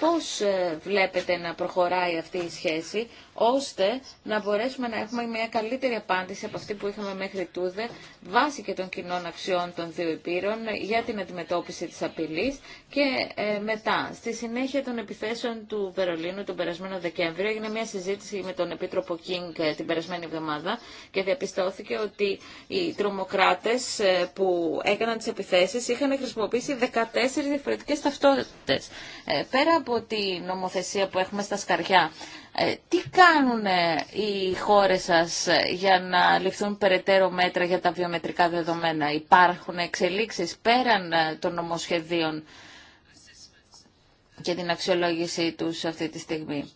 Πώς ε, βλέπετε να προχωράει αυτή η σχέση, ώστε να μπορέσουμε να έχουμε μια καλύτερη απάντηση από αυτή που είχαμε μέχρι τούδε, βάσει και των κοινών αξιών των δύο υπήρων για την αντιμετώπιση της απειλής και ε, μετά. Στη συνέχεια των επιθέσεων του Βερολίνου τον περασμένο Δεκέμβριο έγινε μια συζήτηση με τον Επίτροπο Κίνγκ ε, την περασμένη εβδομάδα και διαπιστώθηκε ότι οι τρομοκράτες ε, που έκαναν τις επιθέσεις είχαν χρησιμοποιήσει 14 διαφορετικές ταυτότητες. πέρα από τη νομοθεσία που έχουμε στα σκαριά ε, τι κάνουν οι χώρες σας ε, για να ληφθούν περαιτέρω μέτρα για τα βιομετρικά δεδομένα. Υπάρχουν εξελίξεις πέραν ε, των νομοσχεδίων και την αξιολόγησή τους αυτή τη στιγμή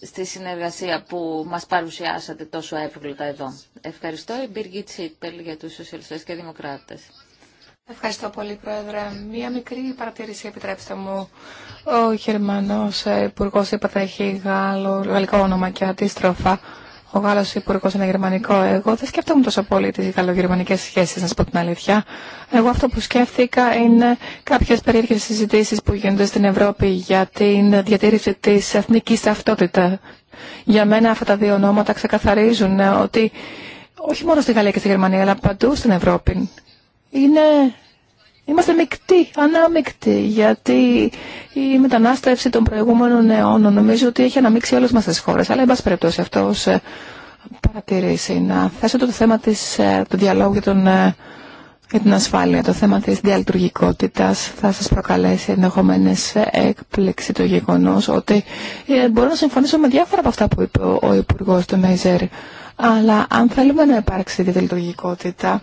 στη συνεργασία που μας παρουσιάσατε τόσο εύγλωτα εδώ. Ευχαριστώ η Birgit για τους σοσιαλιστές και δημοκράτες. Ευχαριστώ πολύ, Πρόεδρε. Μία μικρή παρατήρηση, επιτρέψτε μου. Ο Γερμανός υπουργό είπατε έχει γαλλικό όνομα και αντίστροφα. Ο Γάλλος υπουργό είναι γερμανικό. Εγώ δεν σκέφτομαι τόσο πολύ τι γαλλογερμανικέ σχέσει, να σα πω την αλήθεια. Εγώ αυτό που σκέφτηκα είναι κάποιε περίεργε συζητήσει που γίνονται στην Ευρώπη για την διατήρηση τη εθνική ταυτότητα. Για μένα αυτά τα δύο ονόματα ξεκαθαρίζουν ότι όχι μόνο στη Γαλλία και στη Γερμανία, αλλά παντού στην Ευρώπη είναι... Είμαστε μεικτοί, ανάμεικτοι, γιατί η μετανάστευση των προηγούμενων αιώνων νομίζω ότι έχει αναμίξει όλες μας τις χώρες. Αλλά, εν πάση περιπτώσει, αυτό ως ε, παρατηρήσει, να θέσω το θέμα της, ε, του διαλόγου για, τον, ε, για την ασφάλεια, το θέμα της διαλειτουργικότητας. Θα σας προκαλέσει ενδεχομένε έκπληξη το γεγονός ότι μπορώ να συμφωνήσω με διάφορα από αυτά που είπε ο Υπουργός του Μέιζερ. Αλλά αν θέλουμε να υπάρξει διαλειτουργικότητα,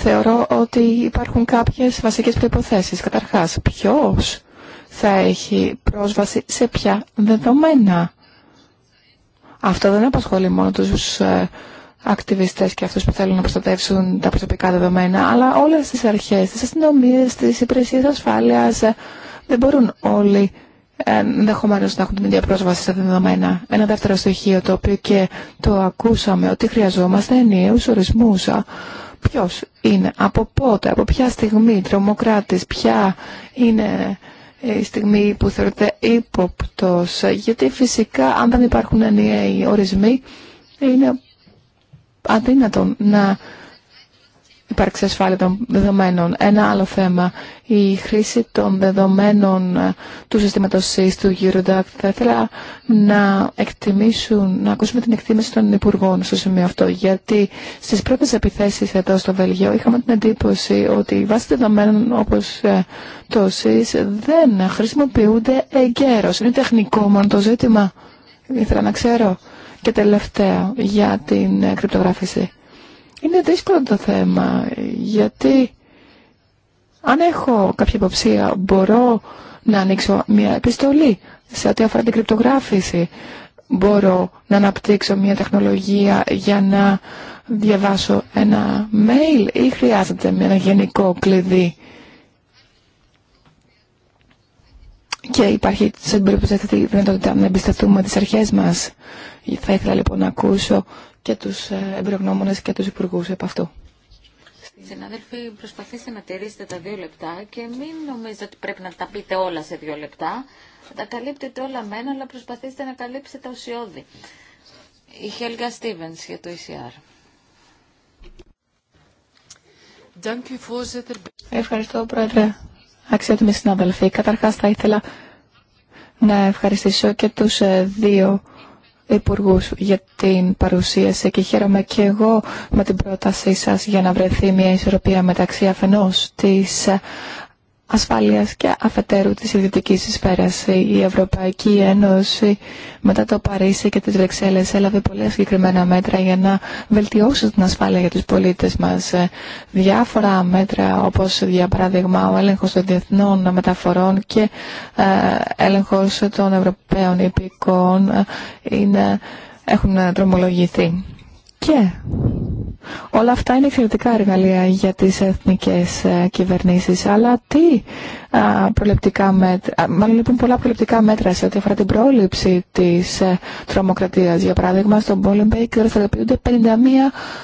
θεωρώ ότι υπάρχουν κάποιες βασικές προϋποθέσεις. Καταρχάς, ποιος θα έχει πρόσβαση σε ποια δεδομένα. Αυτό δεν απασχολεί μόνο τους ε, ακτιβιστές και αυτούς που θέλουν να προστατεύσουν τα προσωπικά δεδομένα, αλλά όλες τις αρχές, τις αστυνομίες, τις υπηρεσίες ασφάλειας, ε, δεν μπορούν όλοι ε, ενδεχομένω να έχουν την ίδια πρόσβαση στα δεδομένα. Ένα δεύτερο στοιχείο το οποίο και το ακούσαμε ότι χρειαζόμαστε ενιαίους ορισμούς ποιος είναι, από πότε, από ποια στιγμή τρομοκράτης, ποια είναι η στιγμή που θεωρείται ύποπτος. Γιατί φυσικά αν δεν υπάρχουν ενιαίοι ορισμοί είναι αδύνατο να υπάρξει ασφάλεια των δεδομένων. Ένα άλλο θέμα, η χρήση των δεδομένων ε, του συστήματος ΣΥΣ, του Eurodac. Θα ήθελα να εκτιμήσουν, να ακούσουμε την εκτίμηση των Υπουργών στο σημείο αυτό, γιατί στις πρώτες επιθέσεις εδώ στο Βέλγιο είχαμε την εντύπωση ότι οι βάσεις δεδομένων όπως ε, το ΣΥΣ δεν χρησιμοποιούνται εγκαίρως. Είναι τεχνικό μόνο το ζήτημα. Ήθελα να ξέρω. Και τελευταίο για την ε, κρυπτογράφηση. Είναι δύσκολο το θέμα, γιατί αν έχω κάποια υποψία μπορώ να ανοίξω μια επιστολή σε ό,τι αφορά την κρυπτογράφηση. Μπορώ να αναπτύξω μια τεχνολογία για να διαβάσω ένα mail ή χρειάζεται ένα γενικό κλειδί. Και υπάρχει σε την περίπτωση αυτή η δυνατότητα να εμπιστευτούμε τις αρχές μας. Θα ήθελα λοιπόν να ακούσω και του ε, εμπειρογνώμονες και του υπουργού επ' αυτού. Συνάδελφοι, προσπαθήστε να τηρήσετε τα δύο λεπτά και μην νομίζετε ότι πρέπει να τα πείτε όλα σε δύο λεπτά. Τα καλύπτετε όλα μένα, αλλά προσπαθήστε να καλύψετε τα ουσιώδη. Η Χέλγα Στίβεν για το ECR. Ευχαριστώ, Πρόεδρε. Αξιότιμοι συνάδελφοι, καταρχάς θα ήθελα να ευχαριστήσω και τους ε, δύο υπουργού για την παρουσίαση και χαίρομαι και εγώ με την πρότασή σας για να βρεθεί μια ισορροπία μεταξύ αφενός της ασφάλειας και αφετέρου της ιδιωτικής σφαίρας. Η Ευρωπαϊκή Ένωση μετά το Παρίσι και τις Βρυξέλλες έλαβε πολλά συγκεκριμένα μέτρα για να βελτιώσει την ασφάλεια για τους πολίτες μας. Διάφορα μέτρα όπως για παράδειγμα ο έλεγχος των διεθνών μεταφορών και ε, έλεγχος των Ευρωπαίων υπηκών ε, είναι, έχουν δρομολογηθεί. Όλα αυτά είναι εξαιρετικά εργαλεία για τις εθνικές ε, κυβερνήσεις. Αλλά τι προληπτικά μέτρα, μάλλον λοιπόν πολλά προληπτικά μέτρα σε ό,τι αφορά την πρόληψη της ε, τρομοκρατίας. Για παράδειγμα, στον Πόλεμπέικ δραστηριοποιούνται 51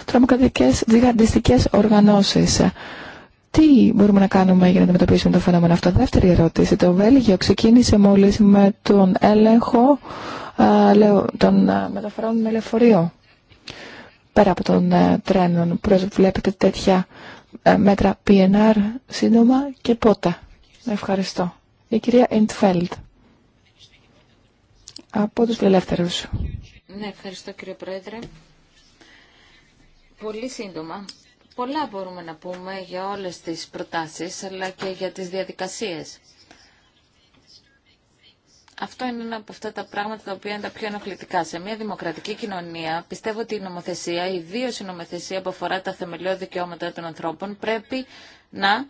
τρομοκρατικές διγαντιστικές οργανώσεις. Τι μπορούμε να κάνουμε για να αντιμετωπίσουμε το φαινόμενο αυτό. Δεύτερη ερώτηση. Το Βέλγιο ξεκίνησε μόλις με τον έλεγχο των μεταφορών με λεωφορείο πέρα από των ε, τρένων. βλέπετε τέτοια ε, μέτρα PNR σύντομα και πότε. Ευχαριστώ. Η κυρία Ιντφέλτ από τους φιλελεύθερους. Ναι, ευχαριστώ κύριε Πρόεδρε. Πολύ σύντομα. Πολλά μπορούμε να πούμε για όλες τις προτάσεις, αλλά και για τις διαδικασίες. Αυτό είναι ένα από αυτά τα πράγματα τα οποία είναι τα πιο ενοχλητικά. Σε μια δημοκρατική κοινωνία πιστεύω ότι η νομοθεσία, ιδίω η νομοθεσία που αφορά τα θεμελιώδη δικαιώματα των ανθρώπων, πρέπει να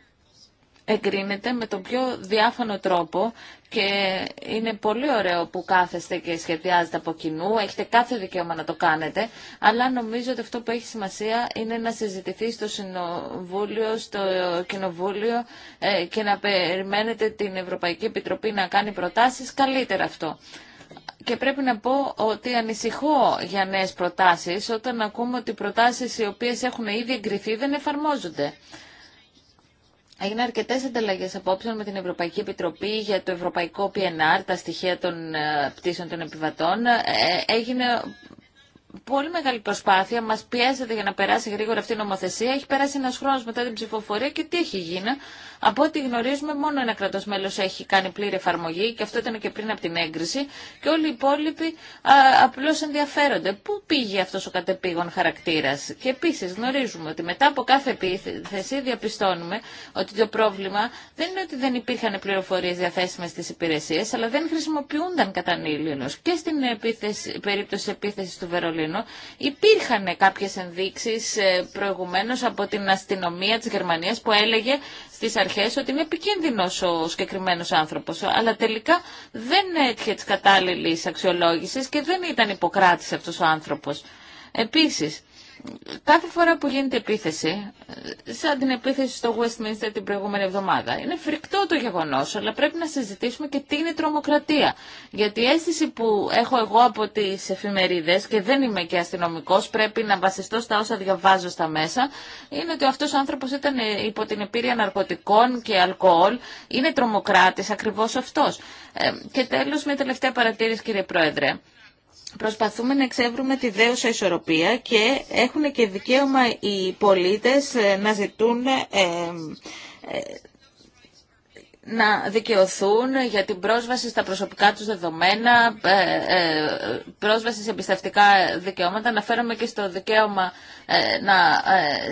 εγκρίνεται με τον πιο διάφανο τρόπο και είναι πολύ ωραίο που κάθεστε και σχεδιάζετε από κοινού. Έχετε κάθε δικαίωμα να το κάνετε, αλλά νομίζω ότι αυτό που έχει σημασία είναι να συζητηθεί στο Συνοβούλιο, στο Κοινοβούλιο ε, και να περιμένετε την Ευρωπαϊκή Επιτροπή να κάνει προτάσεις. Καλύτερα αυτό. Και πρέπει να πω ότι ανησυχώ για νέες προτάσεις όταν ακούμε ότι οι προτάσεις οι οποίες έχουν ήδη εγκριθεί δεν εφαρμόζονται. Έγιναν αρκετέ ανταλλαγέ απόψεων με την Ευρωπαϊκή Επιτροπή για το Ευρωπαϊκό PNR, τα στοιχεία των ε, πτήσεων των επιβατών. Ε, ε, έγινε πολύ μεγάλη προσπάθεια, μα πιέζεται για να περάσει γρήγορα αυτή η νομοθεσία. Έχει περάσει ένα χρόνο μετά την ψηφοφορία και τι έχει γίνει. Από ό,τι γνωρίζουμε μόνο ένα κρατός έχει κάνει πλήρη εφαρμογή και αυτό ήταν και πριν από την έγκριση και όλοι οι υπόλοιποι απλώ ενδιαφέρονται. Πού πήγε αυτό ο κατεπήγον χαρακτήρα. Και επίση γνωρίζουμε ότι μετά από κάθε επίθεση διαπιστώνουμε ότι το πρόβλημα δεν είναι ότι δεν υπήρχαν πληροφορίε διαθέσιμε στι υπηρεσίε, αλλά δεν χρησιμοποιούνταν κατά και στην επίθεση, περίπτωση επίθεση του Βερολίνου κρίνω. Υπήρχαν κάποιες ενδείξεις ε, προηγουμένως από την αστυνομία της Γερμανίας που έλεγε στις αρχές ότι είναι επικίνδυνο ο συγκεκριμένο άνθρωπος. Αλλά τελικά δεν έτυχε της κατάλληλης αξιολόγησης και δεν ήταν υποκράτης αυτός ο άνθρωπος. Επίσης, κάθε φορά που γίνεται επίθεση, σαν την επίθεση στο Westminster την προηγούμενη εβδομάδα, είναι φρικτό το γεγονός, αλλά πρέπει να συζητήσουμε και τι είναι τρομοκρατία. Γιατί η αίσθηση που έχω εγώ από τις εφημερίδες, και δεν είμαι και αστυνομικός, πρέπει να βασιστώ στα όσα διαβάζω στα μέσα, είναι ότι αυτός ο άνθρωπος ήταν ε, υπό την επίρρεια ναρκωτικών και αλκοόλ, είναι τρομοκράτης ακριβώς αυτός. Ε, και τέλος, μια τελευταία παρατήρηση κύριε Πρόεδρε προσπαθούμε να εξεύρουμε τη δέουσα ισορροπία και έχουν και δικαίωμα οι πολίτες ε, να ζητούν ε, ε, να δικαιωθούν για την πρόσβαση στα προσωπικά τους δεδομένα, ε, ε, πρόσβαση σε εμπιστευτικά δικαιώματα. Αναφέρομαι και στο δικαίωμα ε, να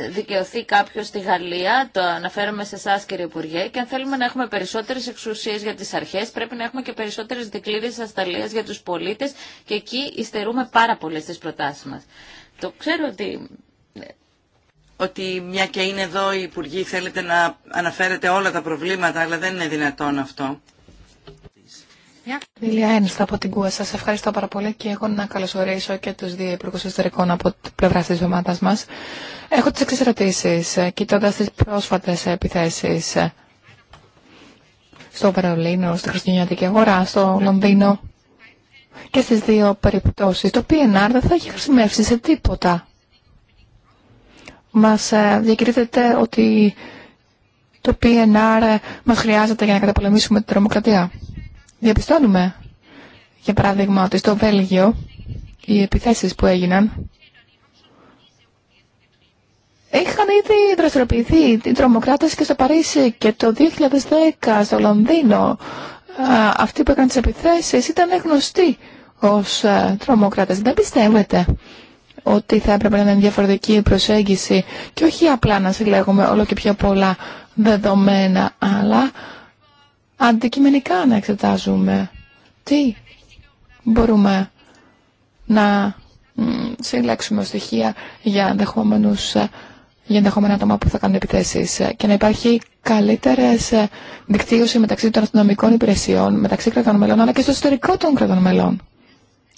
δικαιωθεί κάποιος στη Γαλλία, το αναφέρομαι σε εσά κύριε Υπουργέ, και αν θέλουμε να έχουμε περισσότερες εξουσίες για τις αρχές, πρέπει να έχουμε και περισσότερες δικλείδες ασταλίας για τους πολίτες και εκεί υστερούμε πάρα πολλές τις προτάσεις μας. Το ξέρω ότι ότι μια και είναι εδώ οι Υπουργοί θέλετε να αναφέρετε όλα τα προβλήματα, αλλά δεν είναι δυνατόν αυτό. Λίλια Ένστα από την Κούα, σας ευχαριστώ πάρα πολύ και εγώ να καλωσορίσω και τους δύο υπουργούς εσωτερικών από την πλευρά τη ομάδας μα. Έχω τι εξής ερωτήσεις, ε, κοιτώντα τι πρόσφατε επιθέσει ε, στο Βερολίνο, στη Χριστουγεννιάτικη αγορά, στο Λονδίνο και στι δύο περιπτώσει. Το PNR δεν θα έχει χρησιμεύσει σε τίποτα μας ε, διακηρύτεται ότι το PNR ε, μας χρειάζεται για να καταπολεμήσουμε την τρομοκρατία. Διαπιστώνουμε, για παράδειγμα, ότι στο Βέλγιο οι επιθέσεις που έγιναν είχαν ήδη δραστηριοποιηθεί οι τρομοκράτες και στο Παρίσι και το 2010 στο Λονδίνο. Ε, αυτοί που έκαναν τις επιθέσεις ήταν γνωστοί ως τρομοκράτες. Δεν πιστεύετε ότι θα έπρεπε να είναι διαφορετική η προσέγγιση και όχι απλά να συλλέγουμε όλο και πιο πολλά δεδομένα, αλλά αντικειμενικά να εξετάζουμε τι μπορούμε να συλλέξουμε στοιχεία για ενδεχόμενους ε, για ενδεχόμενα άτομα που θα κάνουν επιθέσεις ε, και να υπάρχει καλύτερες ε, δικτύωση μεταξύ των αστυνομικών υπηρεσιών, μεταξύ κρατών μελών, αλλά και στο εσωτερικό των κρατών μελών.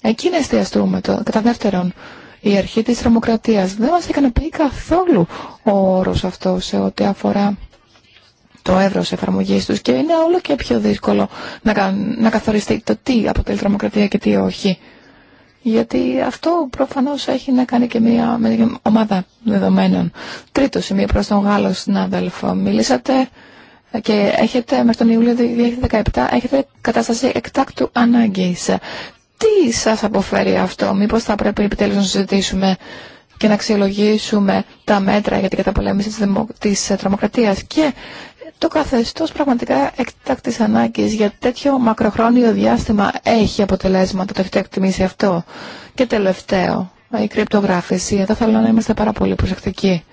Εκεί να εστιαστούμε. Το, κατά δεύτερον, η αρχή της τρομοκρατίας. Δεν μας πει καθόλου ο όρος αυτό σε ό,τι αφορά το εύρος εφαρμογής τους και είναι όλο και πιο δύσκολο να, να καθοριστεί το τι αποτελεί τρομοκρατία και τι όχι. Γιατί αυτό προφανώς έχει να κάνει και μια, μια ομάδα δεδομένων. Τρίτο σημείο προς τον Γάλλο συνάδελφο. Μιλήσατε και έχετε μέχρι τον Ιούλιο 2017 έχετε κατάσταση εκτάκτου ανάγκης. Τι σας αποφέρει αυτό, μήπως θα πρέπει επιτέλους να συζητήσουμε και να αξιολογήσουμε τα μέτρα για την καταπολέμηση της, δημο... της τρομοκρατίας και το καθεστώς πραγματικά εκτάκτης ανάγκης για τέτοιο μακροχρόνιο διάστημα έχει αποτελέσματα, το έχετε εκτιμήσει αυτό. Και τελευταίο, η κρυπτογράφηση, εδώ θέλω να είμαστε πάρα πολύ προσεκτικοί.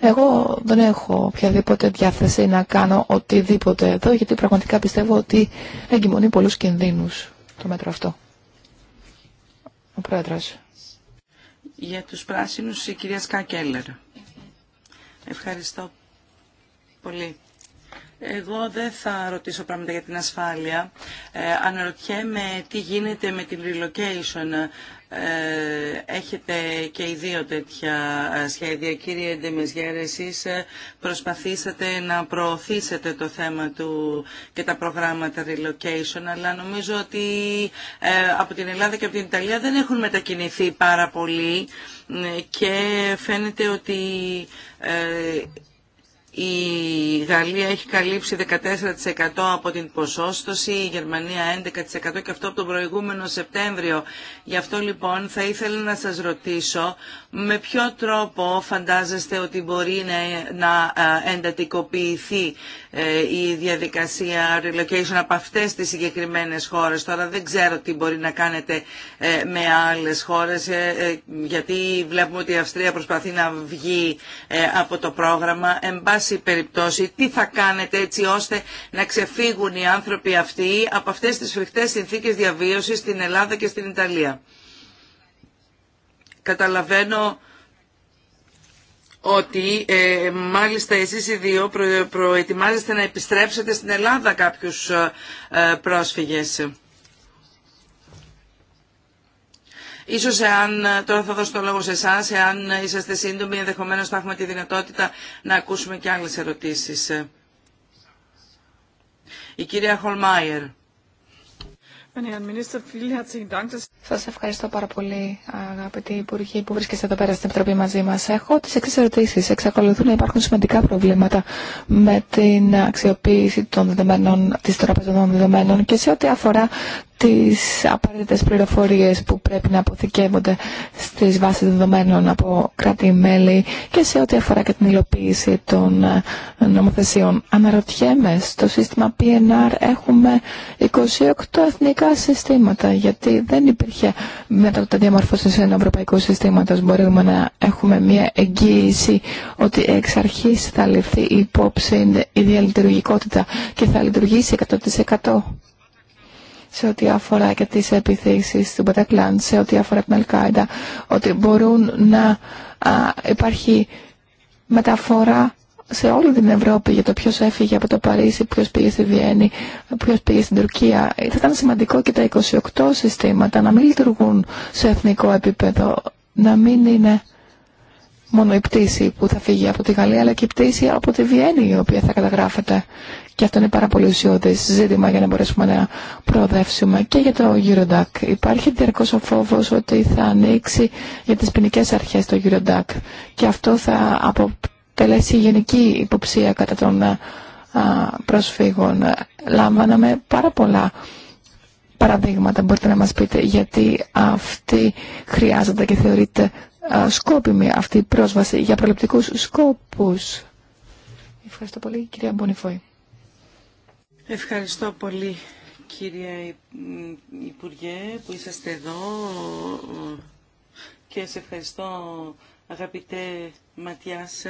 Εγώ δεν έχω οποιαδήποτε διάθεση να κάνω οτιδήποτε εδώ, γιατί πραγματικά πιστεύω ότι εγκυμονεί πολλούς κινδύνους το μέτρο αυτό. Ο Πρόεδρος. Για τους πράσινους η κυρία Σκά Ευχαριστώ πολύ. Εγώ δεν θα ρωτήσω πράγματα για την ασφάλεια. Ε, αναρωτιέμαι τι γίνεται με την relocation. Ε, έχετε και οι δύο τέτοια ε, σχέδια. Κύριε Ντεμεζιέρε, εσείς ε, προσπαθήσατε να προωθήσετε το θέμα του και τα προγράμματα relocation, αλλά νομίζω ότι από την Ελλάδα και από την Ιταλία δεν έχουν μετακινηθεί πάρα πολύ και φαίνεται ότι η Γαλλία έχει καλύψει 14% από την ποσόστοση, η Γερμανία 11% και αυτό από τον προηγούμενο Σεπτέμβριο. Γι' αυτό λοιπόν θα ήθελα να σας ρωτήσω με ποιο τρόπο φαντάζεστε ότι μπορεί να ε, εντατικοποιηθεί ε, η διαδικασία relocation από αυτές τις συγκεκριμένες χώρες. Τώρα δεν ξέρω τι μπορεί να κάνετε ε, με άλλες χώρες γιατί βλέπουμε ότι η Αυστρία προσπαθεί να βγει από το πρόγραμμα. Εν πάση περιπτώσει τι θα κάνετε έτσι ώστε να ξεφύγουν οι άνθρωποι αυτοί από αυτές τις φρικτές συνθήκες διαβίωσης στην Ελλάδα και στην Ιταλία. Καταλαβαίνω ότι ε, μάλιστα εσείς οι δύο προετοιμάζεστε να επιστρέψετε στην Ελλάδα κάποιους ε, ε πρόσφυγες. Σω εάν, τώρα θα δώσω το λόγο σε εσά, εάν είσαστε σύντομοι, ενδεχομένω θα έχουμε τη δυνατότητα να ακούσουμε και άλλε ερωτήσει. Η κυρία Χολμάιερ. Σα ευχαριστώ πάρα πολύ, αγαπητοί Υπουργοί, που βρίσκεστε εδώ πέρα στην Επιτροπή μαζί μα. Έχω τι εξή ερωτήσει. Εξακολουθούν να υπάρχουν σημαντικά προβλήματα με την αξιοποίηση των δεδομένων, τη τραπεζών των δεδομένων και σε ό,τι αφορά τις απαραίτητες πληροφορίες που πρέπει να αποθηκεύονται στις βάσεις δεδομένων από κράτη-μέλη και σε ό,τι αφορά και την υλοποίηση των ε, νομοθεσιών. Αναρωτιέμαι, στο σύστημα PNR έχουμε 28 εθνικά συστήματα, γιατί δεν υπήρχε μετά διαμορφώσεις σε ένα ευρωπαϊκό συστήματος. Μπορούμε να έχουμε μια εγγύηση ότι εξ αρχής θα ληφθεί υπόψη η διαλειτουργικότητα και θα λειτουργήσει 100% σε ό,τι αφορά και τις επιθέσεις του Μπατακλάν, σε ό,τι αφορά την Αλκάιντα, ότι μπορούν να α, υπάρχει μεταφορά σε όλη την Ευρώπη για το ποιο έφυγε από το Παρίσι, ποιο πήγε στη Βιέννη, ποιο πήγε στην Τουρκία. Θα ήταν σημαντικό και τα 28 συστήματα να μην λειτουργούν σε εθνικό επίπεδο, να μην είναι μόνο η πτήση που θα φύγει από τη Γαλλία, αλλά και η πτήση από τη Βιέννη η οποία θα καταγράφεται. Και αυτό είναι πάρα πολύ ουσιώδη ζήτημα για να μπορέσουμε να προοδεύσουμε. Και για το Eurodac. Υπάρχει διαρκώ ο φόβο ότι θα ανοίξει για τι ποινικέ αρχέ το Eurodac. Και αυτό θα αποτελέσει γενική υποψία κατά των προσφύγων. Λάμβαναμε πάρα πολλά παραδείγματα. Μπορείτε να μας πείτε γιατί αυτή χρειάζεται και θεωρείται σκόπιμη αυτή η πρόσβαση για προληπτικούς σκόπους. Ευχαριστώ πολύ κυρία Μπονιφόη. Ευχαριστώ πολύ κύριε Υπουργέ που είσαστε εδώ και σε ευχαριστώ αγαπητέ Ματιάς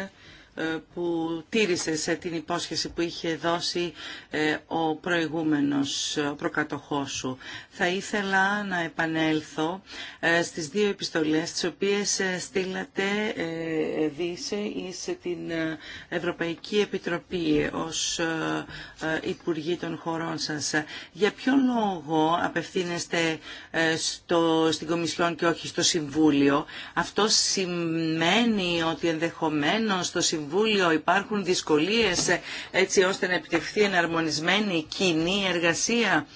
ε, που τήρησε σε την υπόσχεση που είχε δώσει ε, ο προηγούμενος ε, προκατοχός σου. Θα ήθελα να επανέλθω στις δύο επιστολές τις οποίες στείλατε δίσε σε την Ευρωπαϊκή Επιτροπή ως Υπουργή των χωρών σας. Για ποιο λόγο απευθύνεστε στο, στην Κομισιόν και όχι στο Συμβούλιο. Αυτό σημαίνει ότι ενδεχομένως το Συμβούλιο Συμβούλιο υπάρχουν δυσκολίες ε, έτσι ώστε να επιτευχθεί εναρμονισμένη κοινή εργασία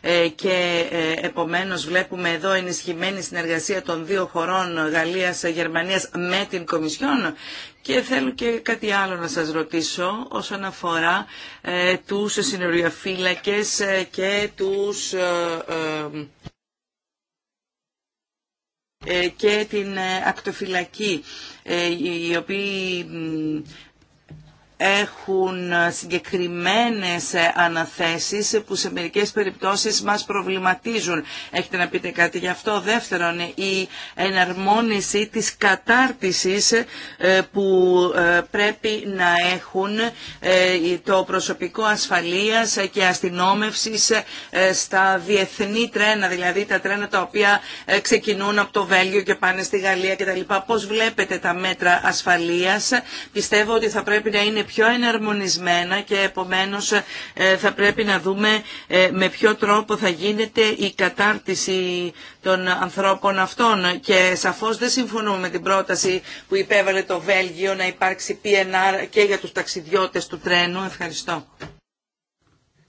ε, και ε, επομένως βλέπουμε εδώ ενισχυμένη συνεργασία των δύο χωρών Γαλλίας-Γερμανίας με την Κομισιόν και θέλω και κάτι άλλο να σας ρωτήσω όσον αφορά ε, τους και τους... και την ακτοφυλακή. Ε, οι οποίοι έχουν συγκεκριμένες αναθέσεις που σε μερικές περιπτώσεις μας προβληματίζουν. Έχετε να πείτε κάτι γι' αυτό. Δεύτερον, η εναρμόνιση της κατάρτισης ε, που ε, πρέπει να έχουν ε, το προσωπικό ασφαλείας και αστυνόμευσης στα διεθνή τρένα, δηλαδή τα τρένα τα οποία ξεκινούν από το Βέλγιο και πάνε στη Γαλλία κτλ. Πώς βλέπετε τα μέτρα ασφαλείας. Πιστεύω ότι θα πρέπει να είναι πιο εναρμονισμένα και επομένως ε, θα πρέπει να δούμε ε, με ποιο τρόπο θα γίνεται η κατάρτιση των ανθρώπων αυτών και σαφώς δεν συμφωνούμε με την πρόταση που υπέβαλε το Βέλγιο να υπάρξει PNR και για τους ταξιδιώτες του τρένου. Ευχαριστώ.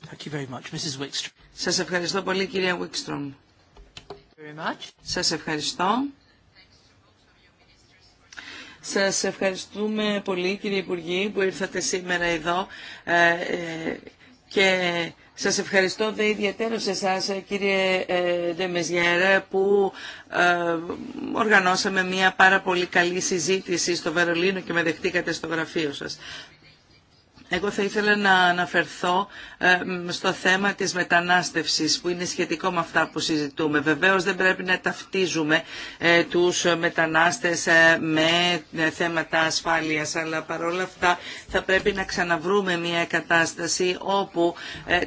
Thank you very much. Mrs. Σας ευχαριστώ πολύ κυρία Wickstrom. Σας ευχαριστώ. Σας ευχαριστούμε πολύ κύριε Υπουργή που ήρθατε σήμερα εδώ ε, ε, και σας ευχαριστώ δε ιδιαίτερο σε εσάς ε, κύριε Ντεμεζιέρα που οργανώσαμε μια πάρα πολύ καλή συζήτηση στο Βερολίνο και με δεχτήκατε στο γραφείο σας. Εγώ θα ήθελα να αναφερθώ ε, στο θέμα της μετανάστευσης που είναι σχετικό με αυτά που συζητούμε. Βεβαίως δεν πρέπει να ταυτίζουμε ε, τους μετανάστες ε, με θέματα ασφάλειας, αλλά παρόλα αυτά θα πρέπει να ξαναβρούμε μια κατάσταση όπου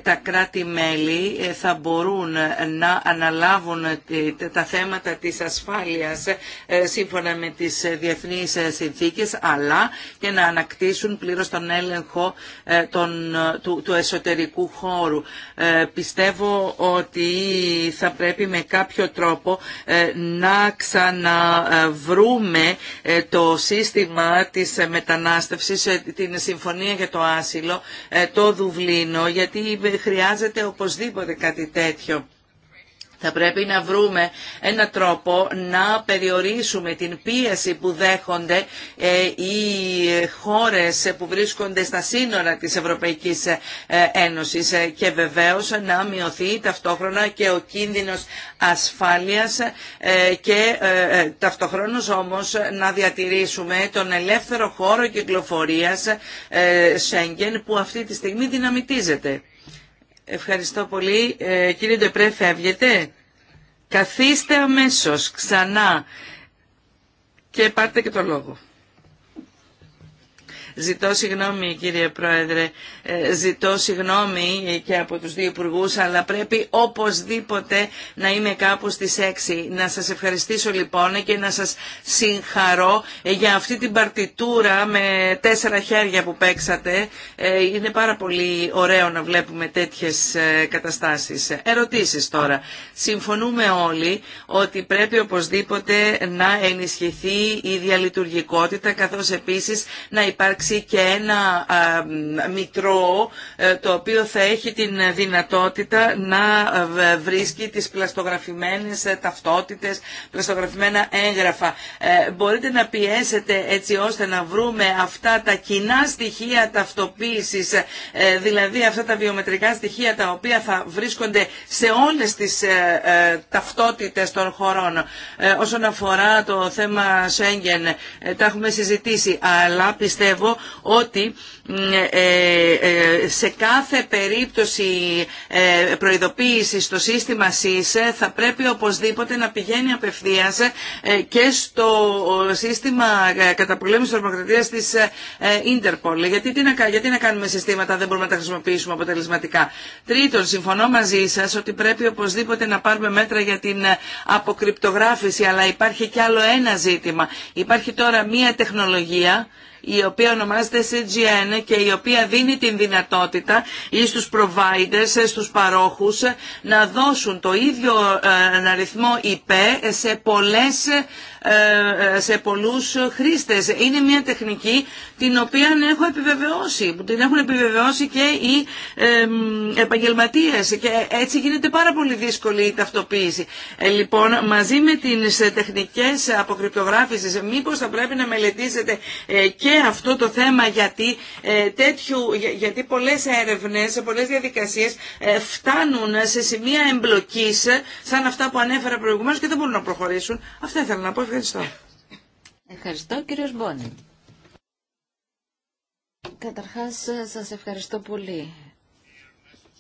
τα κράτη-μέλη θα μπορούν να αναλάβουν τα θέματα της ασφάλειας σύμφωνα με τις διεθνείς συνθήκες, αλλά και να ανακτήσουν πλήρως τον έλεγχο ε, τον ε, του, του εσωτερικού χώρου. Ε, πιστεύω ότι θα πρέπει με κάποιο τρόπο να ξαναβρούμε το σύστημα της μετανάστευσης, την συμφωνία για το άσυλο, το Δουβλίνο, γιατί χρειάζεται οπωσδήποτε κάτι τέτοιο. Θα πρέπει να βρούμε ένα τρόπο να περιορίσουμε την πίεση που δέχονται ε, οι χώρες που βρίσκονται στα σύνορα της Ευρωπαϊκής ε, Ένωσης ε, και βεβαίως να μειωθεί ταυτόχρονα και ο κίνδυνος ασφάλειας και ταυτοχρόνως όμως να διατηρήσουμε τον ελεύθερο χώρο κυκλοφορίας Σέγγεν που αυτή τη στιγμή δυναμητίζεται. Ευχαριστώ πολύ. Ε, κύριε Ντεπρέ, φεύγετε. Καθίστε αμέσως ξανά και πάρτε και το λόγο. Ζητώ συγγνώμη κύριε Πρόεδρε, ε, ζητώ συγγνώμη και από τους δύο υπουργού, αλλά πρέπει οπωσδήποτε να είμαι κάπου στις έξι. Να σας ευχαριστήσω λοιπόν και να σας συγχαρώ για αυτή την παρτιτούρα με τέσσερα χέρια που παίξατε. Ε, είναι πάρα πολύ ωραίο να βλέπουμε τέτοιες ε, καταστάσεις. Ερωτήσεις τώρα. Συμφωνούμε όλοι ότι πρέπει οπωσδήποτε να ενισχυθεί η διαλειτουργικότητα καθώς επίσης να υπάρξει και ένα μητρό ε, το οποίο θα έχει την δυνατότητα να ε, βρίσκει τις πλαστογραφημένες ε, ταυτότητες, πλαστογραφημένα έγγραφα. Μπορείτε να πιέσετε έτσι ώστε να βρούμε αυτά τα κοινά στοιχεία ταυτοποίησης, δηλαδή αυτά τα βιομετρικά στοιχεία τα οποία θα βρίσκονται σε όλες τις ταυτότητες των χωρών. Όσον αφορά το θέμα Σέγγεν, τα έχουμε συζητήσει, αλλά πιστεύω ότι ε, ε, σε κάθε περίπτωση ε, προειδοποίηση στο σύστημα ΣΥΣΕ θα πρέπει οπωσδήποτε να πηγαίνει απευθείας και στο σύστημα καταπολέμησης της τρομοκρατίας της Interpol. Γιατί τι να, γιατί να κάνουμε συστήματα δεν μπορούμε να τα χρησιμοποιήσουμε αποτελεσματικά. Τρίτον, συμφωνώ μαζί σας ότι πρέπει οπωσδήποτε να πάρουμε μέτρα για την αποκρυπτογράφηση, αλλά υπάρχει κι άλλο ένα ζήτημα. Υπάρχει τώρα μία τεχνολογία η οποία ονομάζεται CGN και η οποία δίνει την δυνατότητα ή στους providers, ε, στους παρόχους ε, να δώσουν το ίδιο ε, αριθμό IP σε πολλές σε πολλούς χρήστες. Είναι μια τεχνική την οποία έχω επιβεβαιώσει, την έχουν επιβεβαιώσει και οι επαγγελματίες και έτσι γίνεται πάρα πολύ δύσκολη η ταυτοποίηση. λοιπόν, μαζί με τις τεχνικές αποκρυπτογράφησης, μήπως θα πρέπει να μελετήσετε και και αυτό το θέμα γιατί, ε, τέτοιου, γιατί πολλές έρευνες, πολλές διαδικασίες ε, φτάνουν σε σημεία εμπλοκής ε, σαν αυτά που ανέφερα προηγουμένως και δεν μπορούν να προχωρήσουν. Αυτά ήθελα να πω. Ευχαριστώ. Ευχαριστώ κύριος Μπόνη. Καταρχάς σας ευχαριστώ πολύ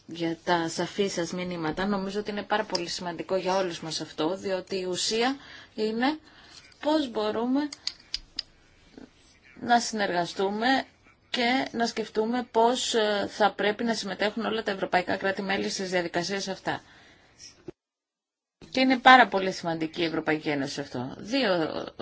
για τα σαφή σας μηνύματα. Νομίζω ότι είναι πάρα πολύ σημαντικό για όλους μας αυτό, διότι η ουσία είναι πώς μπορούμε να συνεργαστούμε και να σκεφτούμε πώς ε, θα πρέπει να συμμετέχουν όλα τα ευρωπαϊκά κράτη-μέλη στις διαδικασίες αυτά. Και είναι πάρα πολύ σημαντική η Ευρωπαϊκή Ένωση αυτό. Δύο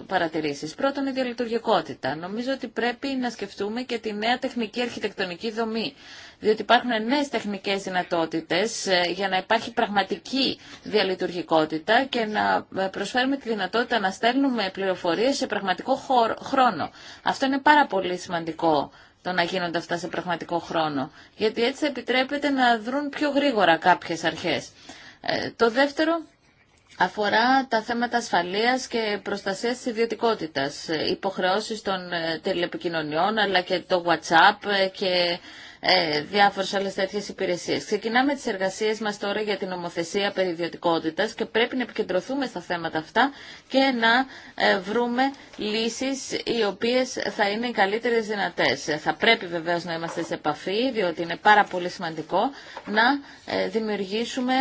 παρατηρήσει. Πρώτον, η διαλειτουργικότητα. Νομίζω ότι πρέπει να σκεφτούμε και τη νέα τεχνική αρχιτεκτονική δομή. Διότι υπάρχουν νέε τεχνικέ δυνατότητε ε, για να υπάρχει πραγματική διαλειτουργικότητα και να ε, προσφέρουμε τη δυνατότητα να στέλνουμε πληροφορίε σε πραγματικό χρόνο. Αυτό είναι πάρα πολύ σημαντικό το να γίνονται αυτά σε πραγματικό χρόνο. Γιατί έτσι επιτρέπεται να δρουν πιο γρήγορα κάποιε αρχέ. Ε, το δεύτερο αφορά τα θέματα ασφαλείας και προστασίας της ιδιωτικότητας, υποχρεώσεις των ε, τηλεπικοινωνιών αλλά και το WhatsApp ε, και ε, διάφορες άλλες τέτοιες υπηρεσίες. Ξεκινάμε τις εργασίες μας τώρα για την ομοθεσία περί ιδιωτικότητας και πρέπει να επικεντρωθούμε στα θέματα αυτά και να βρούμε λύσεις οι οποίες θα είναι οι καλύτερε δυνατέ. Θα πρέπει βεβαίω να είμαστε σε επαφή, διότι είναι πάρα πολύ σημαντικό να δημιουργήσουμε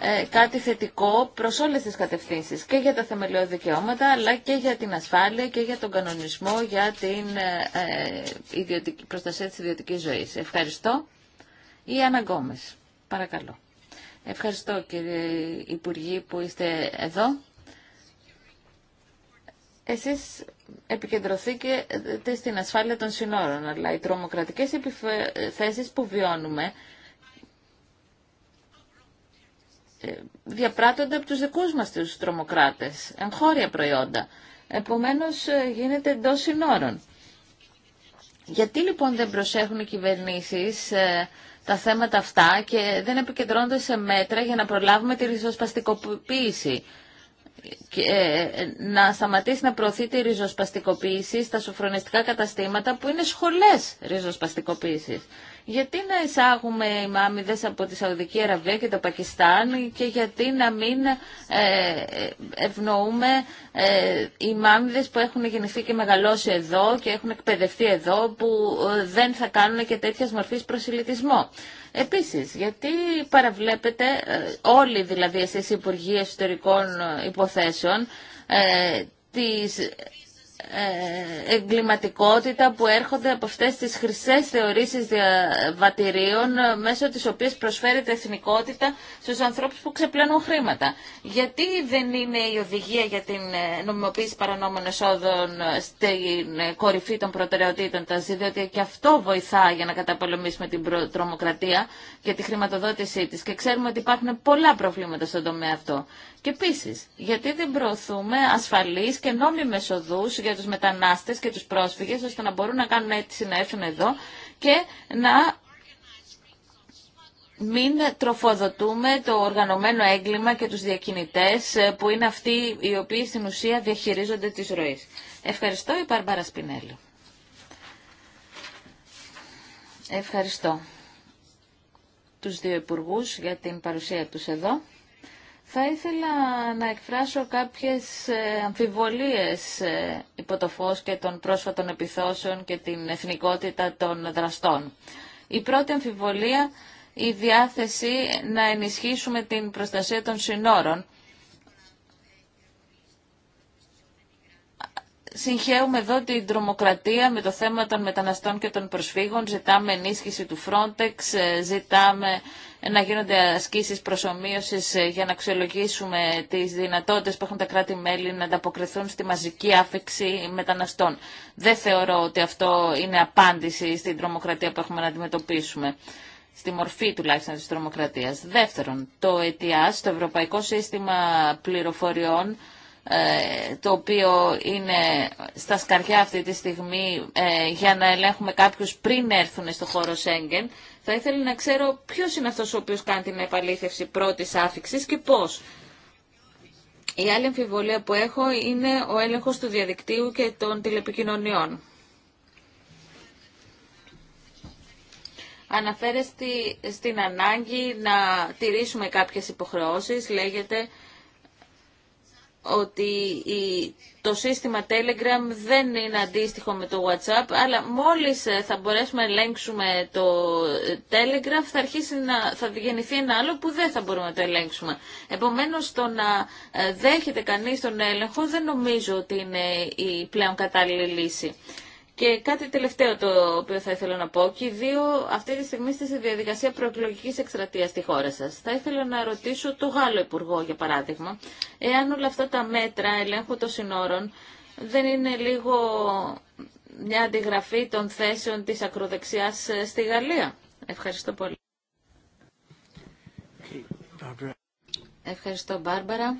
ε, κάτι θετικό προς όλες τις κατευθύνσεις και για τα θεμελιώδη δικαιώματα αλλά και για την ασφάλεια και για τον κανονισμό για την ε, ε, ιδιωτική, προστασία της ιδιωτικής ζωής. Ευχαριστώ. Η Άννα Παρακαλώ. Ευχαριστώ κύριε Υπουργή που είστε εδώ. Εσείς επικεντρωθήκετε στην ασφάλεια των συνόρων, αλλά οι τρομοκρατικές επιθέσεις που βιώνουμε Ε, διαπράττονται από τους δικούς μας τους τρομοκράτες, εγχώρια προϊόντα. Επομένως ε, γίνεται εντό συνόρων. Γιατί λοιπόν δεν προσέχουν οι κυβερνήσεις ε, τα θέματα αυτά και δεν επικεντρώνονται σε μέτρα για να προλάβουμε τη ριζοσπαστικοποίηση και να σταματήσει να προωθεί τη ριζοσπαστικοποίηση στα σοφρονιστικά καταστήματα που είναι σχολές ριζοσπαστικοποίησης γιατί να εισάγουμε ημάμιδες από τη Σαουδική Αραβία και το Πακιστάν και γιατί να μην ε, ευνοούμε ε, ημάμιδες που έχουν γεννηθεί και μεγαλώσει εδώ και έχουν εκπαιδευτεί εδώ που ε, δεν θα κάνουν και τέτοιας μορφής προσιλητισμό. Επίσης, γιατί παραβλέπετε όλοι δηλαδή εσείς οι Υπουργοί Εσωτερικών Υποθέσεων τις ε, εγκληματικότητα που έρχονται από αυτές τις χρυσές θεωρήσεις διαβατηρίων ε, μέσω της οποίας προσφέρεται εθνικότητα στους ανθρώπους που ξεπλένουν χρήματα. Γιατί δεν είναι η οδηγία για την ε, νομιμοποίηση παρανόμων εσόδων στην κορυφή των προτεραιοτήτων τα διότι και αυτό βοηθά για να καταπολεμήσουμε την τρομοκρατία και τη χρηματοδότησή της και ξέρουμε ότι υπάρχουν πολλά προβλήματα στον τομέα αυτό. Και επίση, γιατί δεν προωθούμε ασφαλεί και νόμιμε οδού για του μετανάστε και του πρόσφυγε, ώστε να μπορούν να κάνουν αίτηση να έρθουν εδώ και να μην τροφοδοτούμε το οργανωμένο έγκλημα και τους διακινητές ε, που είναι αυτοί οι οποίοι στην ουσία διαχειρίζονται τις ροές. Ευχαριστώ η Παρμπάρα Σπινέλη. Ευχαριστώ τους δύο υπουργούς για την παρουσία τους εδώ. Θα ήθελα να εκφράσω κάποιες ε, αμφιβολίες ε, υπό το φως και των πρόσφατων επιθώσεων και την εθνικότητα των δραστών. Η πρώτη αμφιβολία, η διάθεση να ενισχύσουμε την προστασία των συνόρων συγχαίουμε εδώ την τρομοκρατία με το θέμα των μεταναστών και των προσφύγων. Ζητάμε ενίσχυση του Frontex, ζητάμε να γίνονται ασκήσεις προσωμείωσης ε, για να αξιολογήσουμε τις δυνατότητες που έχουν τα κράτη-μέλη να ανταποκριθούν στη μαζική άφηξη μεταναστών. Δεν θεωρώ ότι αυτό είναι απάντηση στην τρομοκρατία που έχουμε να αντιμετωπίσουμε στη μορφή τουλάχιστον της τρομοκρατίας. Δεύτερον, το ΕΤΙΑΣ, το Ευρωπαϊκό Σύστημα Πληροφοριών, ε, το οποίο είναι στα σκαριά αυτή τη στιγμή ε, για να ελέγχουμε κάποιους πριν έρθουν στο χώρο Σέγγεν. Θα ήθελα να ξέρω ποιος είναι αυτός ο οποίος κάνει την επαλήθευση πρώτης άφηξης και πώς. Η άλλη αμφιβολία που έχω είναι ο έλεγχος του διαδικτύου και των τηλεπικοινωνιών. Αναφέρεστε στην ανάγκη να τηρήσουμε κάποιες υποχρεώσεις, λέγεται ότι το σύστημα Telegram δεν είναι αντίστοιχο με το WhatsApp, αλλά μόλις ε, θα μπορέσουμε να ελέγξουμε το ε, Telegram θα, αρχίσει να, θα γεννηθεί ένα άλλο που δεν θα μπορούμε να το ελέγξουμε. Επομένως το να ε, δέχεται κανείς τον έλεγχο δεν νομίζω ότι είναι η πλέον κατάλληλη λύση. Και κάτι τελευταίο το οποίο θα ήθελα να πω, και δύο αυτή τη στιγμή είστε στη διαδικασία προεκλογική εκστρατεία στη χώρα σα. Θα ήθελα να ρωτήσω το Γάλλο Υπουργό, για παράδειγμα, εάν όλα αυτά τα μέτρα ελέγχου των συνόρων δεν είναι λίγο μια αντιγραφή των θέσεων της ακροδεξιάς ε, στη Γαλλία. Ευχαριστώ πολύ. Ευχαριστώ, Μπάρμπαρα.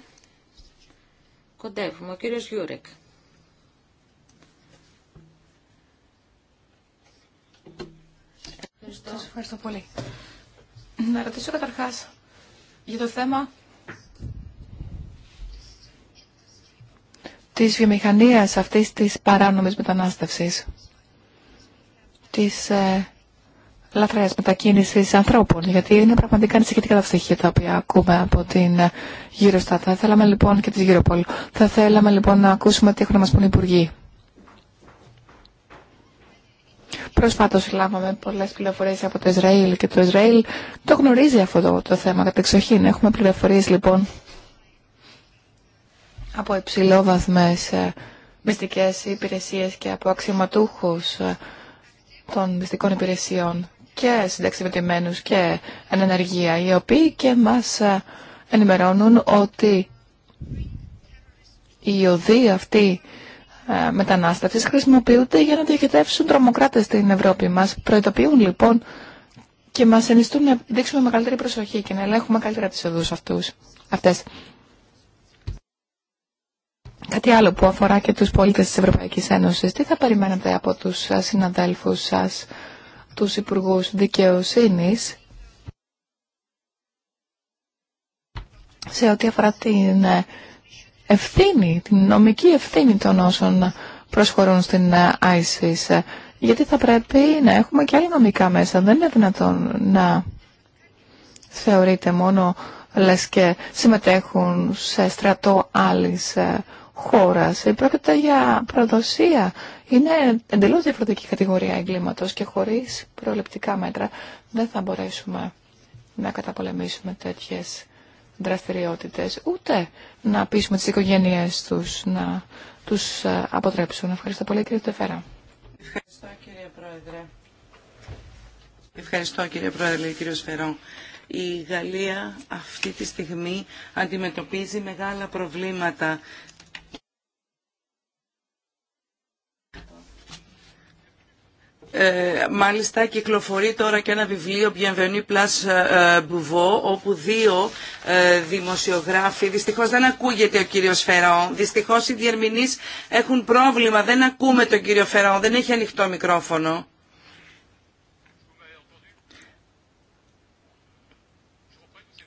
Κοντεύουμε. Ο κύριος Γιούρεκ. Ευχαριστώ. Σας ευχαριστώ πολύ. Να ρωτήσω καταρχάς για το θέμα της βιομηχανίας αυτής της παράνομης μετανάστευσης, της ε, λαθρέας μετακίνησης ανθρώπων, γιατί είναι πραγματικά ανησυχητικά τα στοιχεία τα οποία ακούμε από την στα. Ε, Θα θέλαμε λοιπόν και της πόλου. Θα θέλαμε λοιπόν να ακούσουμε τι έχουν να μας πούν οι υπουργοί Προσφάτως λάβαμε πολλές πληροφορίες από το Ισραήλ και το Ισραήλ το γνωρίζει αυτό το, θέμα κατεξοχήν. Έχουμε πληροφορίες λοιπόν από υψηλόβαθμες ε, μυστικές υπηρεσίες και από αξιωματούχους ε, των μυστικών υπηρεσιών και συνταξιβετημένους και εν ενεργεία, οι οποίοι και μας ε, ενημερώνουν ότι η οδοί αυτή ε, μετανάστευσης χρησιμοποιούνται για να διοικητεύσουν τρομοκράτες στην Ευρώπη μας. Προειδοποιούν λοιπόν και μας ενιστούν να δείξουμε μεγαλύτερη προσοχή και να ελέγχουμε καλύτερα τις οδούς αυτούς, αυτές. Κάτι άλλο που αφορά και τους πολίτες της Ευρωπαϊκής Ένωσης. Τι θα περιμένετε από τους συναδέλφους σας, τους Υπουργούς Δικαιοσύνης, σε ό,τι αφορά την ε, ευθύνη, την νομική ευθύνη των όσων προσχωρούν στην ε, ISIS. Γιατί θα πρέπει να έχουμε και άλλα νομικά μέσα. Δεν είναι δυνατόν να θεωρείται μόνο λες και συμμετέχουν σε στρατό άλλης ε, χώρας. Πρόκειται για προδοσία. Είναι εντελώς διαφορετική κατηγορία εγκλήματος και χωρίς προληπτικά μέτρα δεν θα μπορέσουμε να καταπολεμήσουμε τέτοιες δραστηριότητες, ούτε να πείσουμε τις οικογένειές τους να τους ε, αποτρέψουν. Ευχαριστώ πολύ κύριε Τεφέρα. Ευχαριστώ κύριε Πρόεδρε. Ευχαριστώ κύριε Πρόεδρε, κύριο Σφερό. Η Γαλλία αυτή τη στιγμή αντιμετωπίζει μεγάλα προβλήματα Ε, μάλιστα κυκλοφορεί τώρα και ένα βιβλίο Bienvenue Plus ε, ε, μπουβό όπου δύο ε, δημοσιογράφοι δυστυχώς δεν ακούγεται ο κύριος Φεραόν δυστυχώς οι διερμηνείς έχουν πρόβλημα δεν ακούμε τον κύριο Φεραόν δεν έχει ανοιχτό μικρόφωνο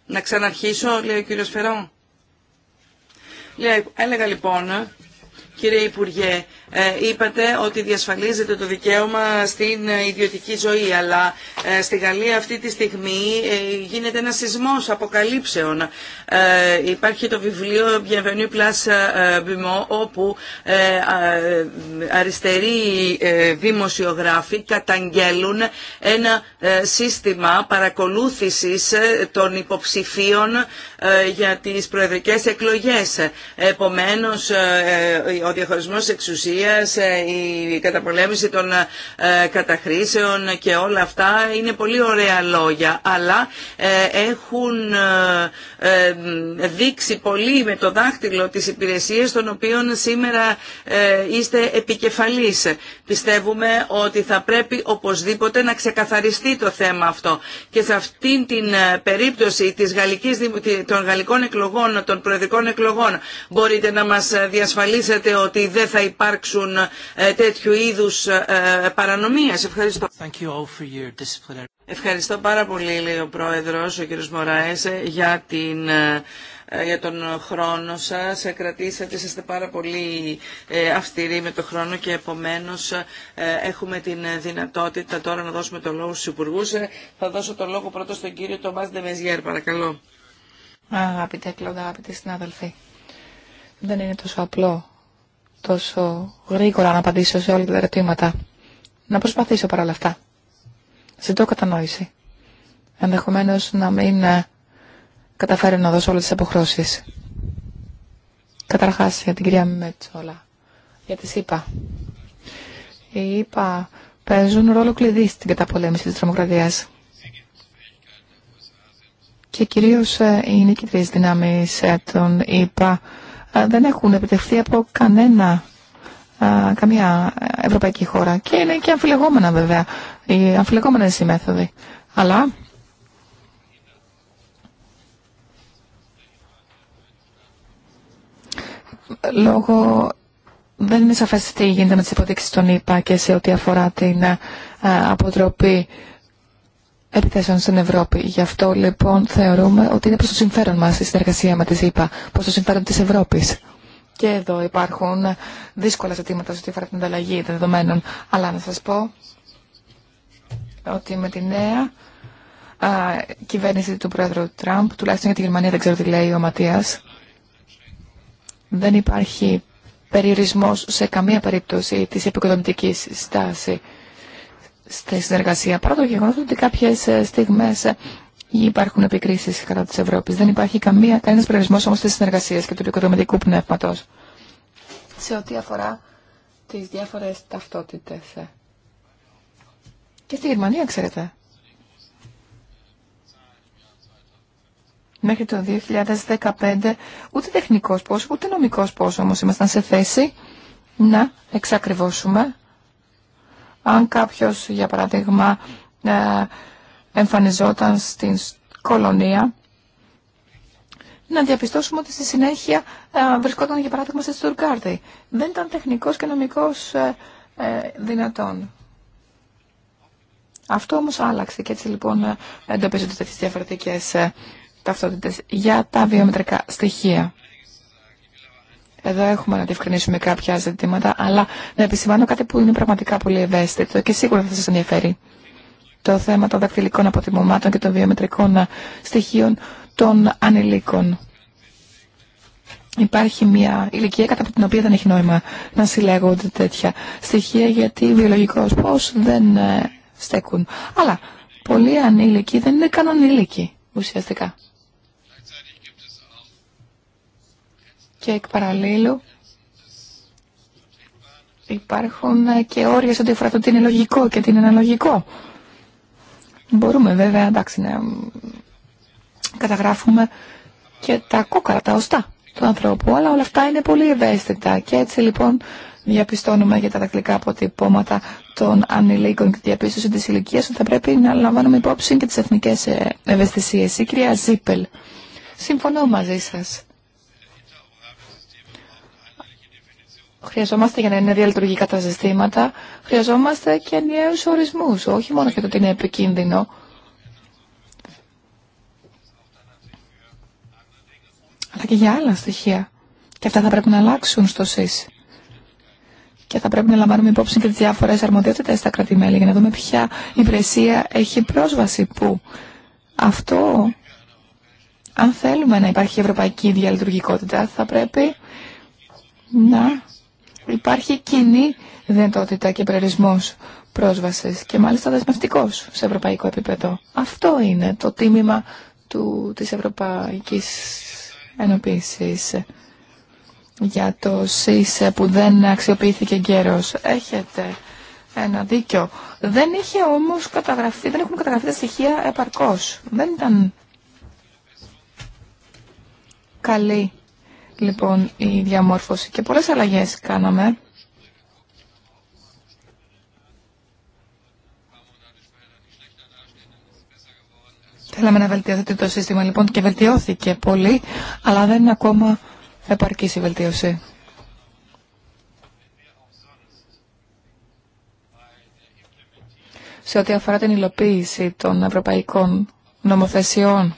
Να ξαναρχίσω λέει ο κύριος Φεραόν Έλεγα λοιπόν κύριε Υπουργέ ε, είπατε ότι διασφαλίζεται το δικαίωμα στην ε, ιδιωτική ζωή, αλλά ε, στη Γαλλία αυτή τη στιγμή γίνεται ένα σεισμός αποκαλύψεων. Υπάρχει το βιβλίο Bienvenue plus Bimont, όπου αριστεροί δημοσιογράφοι καταγγέλουν ένα σύστημα παρακολούθησης των υποψηφίων για τις προεδρικές εκλογές. Επομένως, ο διαχωρισμός εξουσίας ε, η καταπολέμηση των ε, καταχρήσεων και όλα αυτά είναι πολύ ωραία λόγια, αλλά ε, έχουν δείξει πολύ με το δάχτυλο τις υπηρεσίες των οποίων σήμερα είστε επικεφαλής. Πιστεύουμε ότι θα πρέπει οπωσδήποτε να ξεκαθαριστεί το θέμα αυτό. Και σε αυτήν την περίπτωση της γαλλικής, των γαλλικών εκλογών, των προεδρικών εκλογών, μπορείτε να μας διασφαλίσετε ότι δεν θα υπάρξουν ε, τέτοιου ε, ε, Ευχαριστώ. Ευχαριστώ πάρα πολύ, λέει ο Πρόεδρος, ο κ. Μωράες, για, την, για τον χρόνο σας. Κρατήσατε, είστε πάρα πολύ αυστηροί με τον χρόνο και επομένως έχουμε την δυνατότητα τώρα να δώσουμε το λόγο στους υπουργού, Θα δώσω το λόγο πρώτο στον κύριο Τομάς Ντεμεζιέρ, παρακαλώ. Αγαπητέ Κλοντά, αγαπητοί συνάδελφοι. Δεν είναι τόσο απλό τόσο γρήγορα να απαντήσω σε όλα τα ερωτήματα. Να προσπαθήσω παρόλα αυτά. Ζητώ κατανόηση. Ενδεχομένω να μην ε, καταφέρω να δώσω όλε τι αποχρώσει. Καταρχά για την κυρία Μετσόλα. Για τη ΣΥΠΑ. Οι ΗΠΑ παίζουν ρόλο κλειδί στην καταπολέμηση της τρομοκρατίας. Και κυρίως ε, οι νικητρίες δυνάμεις ε, των ΗΠΑ δεν έχουν επιτευχθεί από κανένα, καμία ευρωπαϊκή χώρα. Και είναι και αμφιλεγόμενα βέβαια, οι αμφιλεγόμενες οι μέθοδοι. Αλλά λόγω δεν είναι σαφές τι γίνεται με τις υποδείξεις των ΙΠΑ και σε ό,τι αφορά την αποτροπή επιθέσεων στην Ευρώπη. Γι' αυτό λοιπόν θεωρούμε ότι είναι προς το συμφέρον μας η συνεργασία με τη ΣΥΠΑ, προς το συμφέρον της Ευρώπης. Και εδώ υπάρχουν δύσκολα ζητήματα σε ό,τι αφορά την ανταλλαγή των δεδομένων. Αλλά να σας πω ότι με τη νέα α, κυβέρνηση του πρόεδρου Τραμπ, τουλάχιστον για τη Γερμανία δεν ξέρω τι λέει ο Ματίας, δεν υπάρχει περιορισμός σε καμία περίπτωση της επικοδομητικής στάση στη συνεργασία, παρά το γεγονό ότι κάποιε στιγμέ ε, υπάρχουν επικρίσει κατά τη Ευρώπη. Δεν υπάρχει καμία, κανένα περιορισμό όμω τη συνεργασία και του επικοδομητικού πνεύματο σε ό,τι αφορά τι διάφορε ταυτότητε. Και στη Γερμανία, ξέρετε. Μέχρι το 2015 ούτε τεχνικός πόσο, ούτε νομικός πόσο όμως ήμασταν σε θέση να εξακριβώσουμε αν κάποιος, για παράδειγμα, ε, εμφανιζόταν στην κολονία, να διαπιστώσουμε ότι στη συνέχεια ε, βρισκόταν, για παράδειγμα, στη Στουρκάρδη. Δεν ήταν τεχνικός και νομικός ε, δυνατόν. Αυτό όμως άλλαξε και έτσι λοιπόν εντοπίζονται τις διαφορετικές ταυτότητες για τα βιομετρικά στοιχεία. Εδώ έχουμε να διευκρινίσουμε κάποια ζητήματα, αλλά να επισημάνω κάτι που είναι πραγματικά πολύ ευαίσθητο και σίγουρα θα σα ενδιαφέρει. Το θέμα των δακτυλικών αποτιμωμάτων και των βιομετρικών στοιχείων των ανηλίκων. Υπάρχει μια ηλικία κατά την οποία δεν έχει νόημα να συλλέγονται τέτοια στοιχεία γιατί βιολογικός πώ δεν ε, στέκουν. Αλλά πολλοί ανήλικοι δεν είναι καν ανήλικοι ουσιαστικά. και εκ παραλίλου υπάρχουν ε, και όρια σε ό,τι αφορά το τι είναι λογικό και τι είναι αναλογικό. Μπορούμε βέβαια, εντάξει, να καταγράφουμε και τα κόκαρα, τα οστά του ανθρώπου, αλλά όλα αυτά είναι πολύ ευαίσθητα και έτσι λοιπόν διαπιστώνουμε για τα δακτυλικά αποτυπώματα των ανηλίκων και τη διαπίστωση της ηλικία ότι θα πρέπει να λαμβάνουμε υπόψη και τις εθνικές ε, ευαισθησίες. Η κυρία Ζίπελ, συμφωνώ μαζί σας. χρειαζόμαστε για να είναι διαλειτουργικά τα συστήματα, χρειαζόμαστε και ενιαίους ορισμούς, όχι μόνο για το ότι είναι επικίνδυνο. Αλλά και για άλλα στοιχεία. Και αυτά θα πρέπει να αλλάξουν στο ΣΥΣ. Και θα πρέπει να λαμβάνουμε υπόψη και τις διάφορες αρμοδιότητες στα κρατημέλη για να δούμε ποια υπηρεσία έχει πρόσβαση που. Αυτό, αν θέλουμε να υπάρχει ευρωπαϊκή διαλειτουργικότητα, θα πρέπει να υπάρχει κοινή δυνατότητα και περιορισμός πρόσβαση και μάλιστα δεσμευτικό σε ευρωπαϊκό επίπεδο. Αυτό είναι το τίμημα του, της Ευρωπαϊκής Ενωπήσης για το ΣΥΣΕ που δεν αξιοποιήθηκε γέρος. Έχετε ένα δίκιο. Δεν είχε όμως καταγραφεί, δεν έχουν καταγραφεί τα στοιχεία επαρκώς. Δεν ήταν καλή λοιπόν η διαμόρφωση και πολλές αλλαγές κάναμε. Θέλαμε να βελτιωθεί το σύστημα λοιπόν και βελτιώθηκε πολύ, αλλά δεν είναι ακόμα επαρκής η βελτίωση. Σε ό,τι αφορά την υλοποίηση των ευρωπαϊκών νομοθεσιών,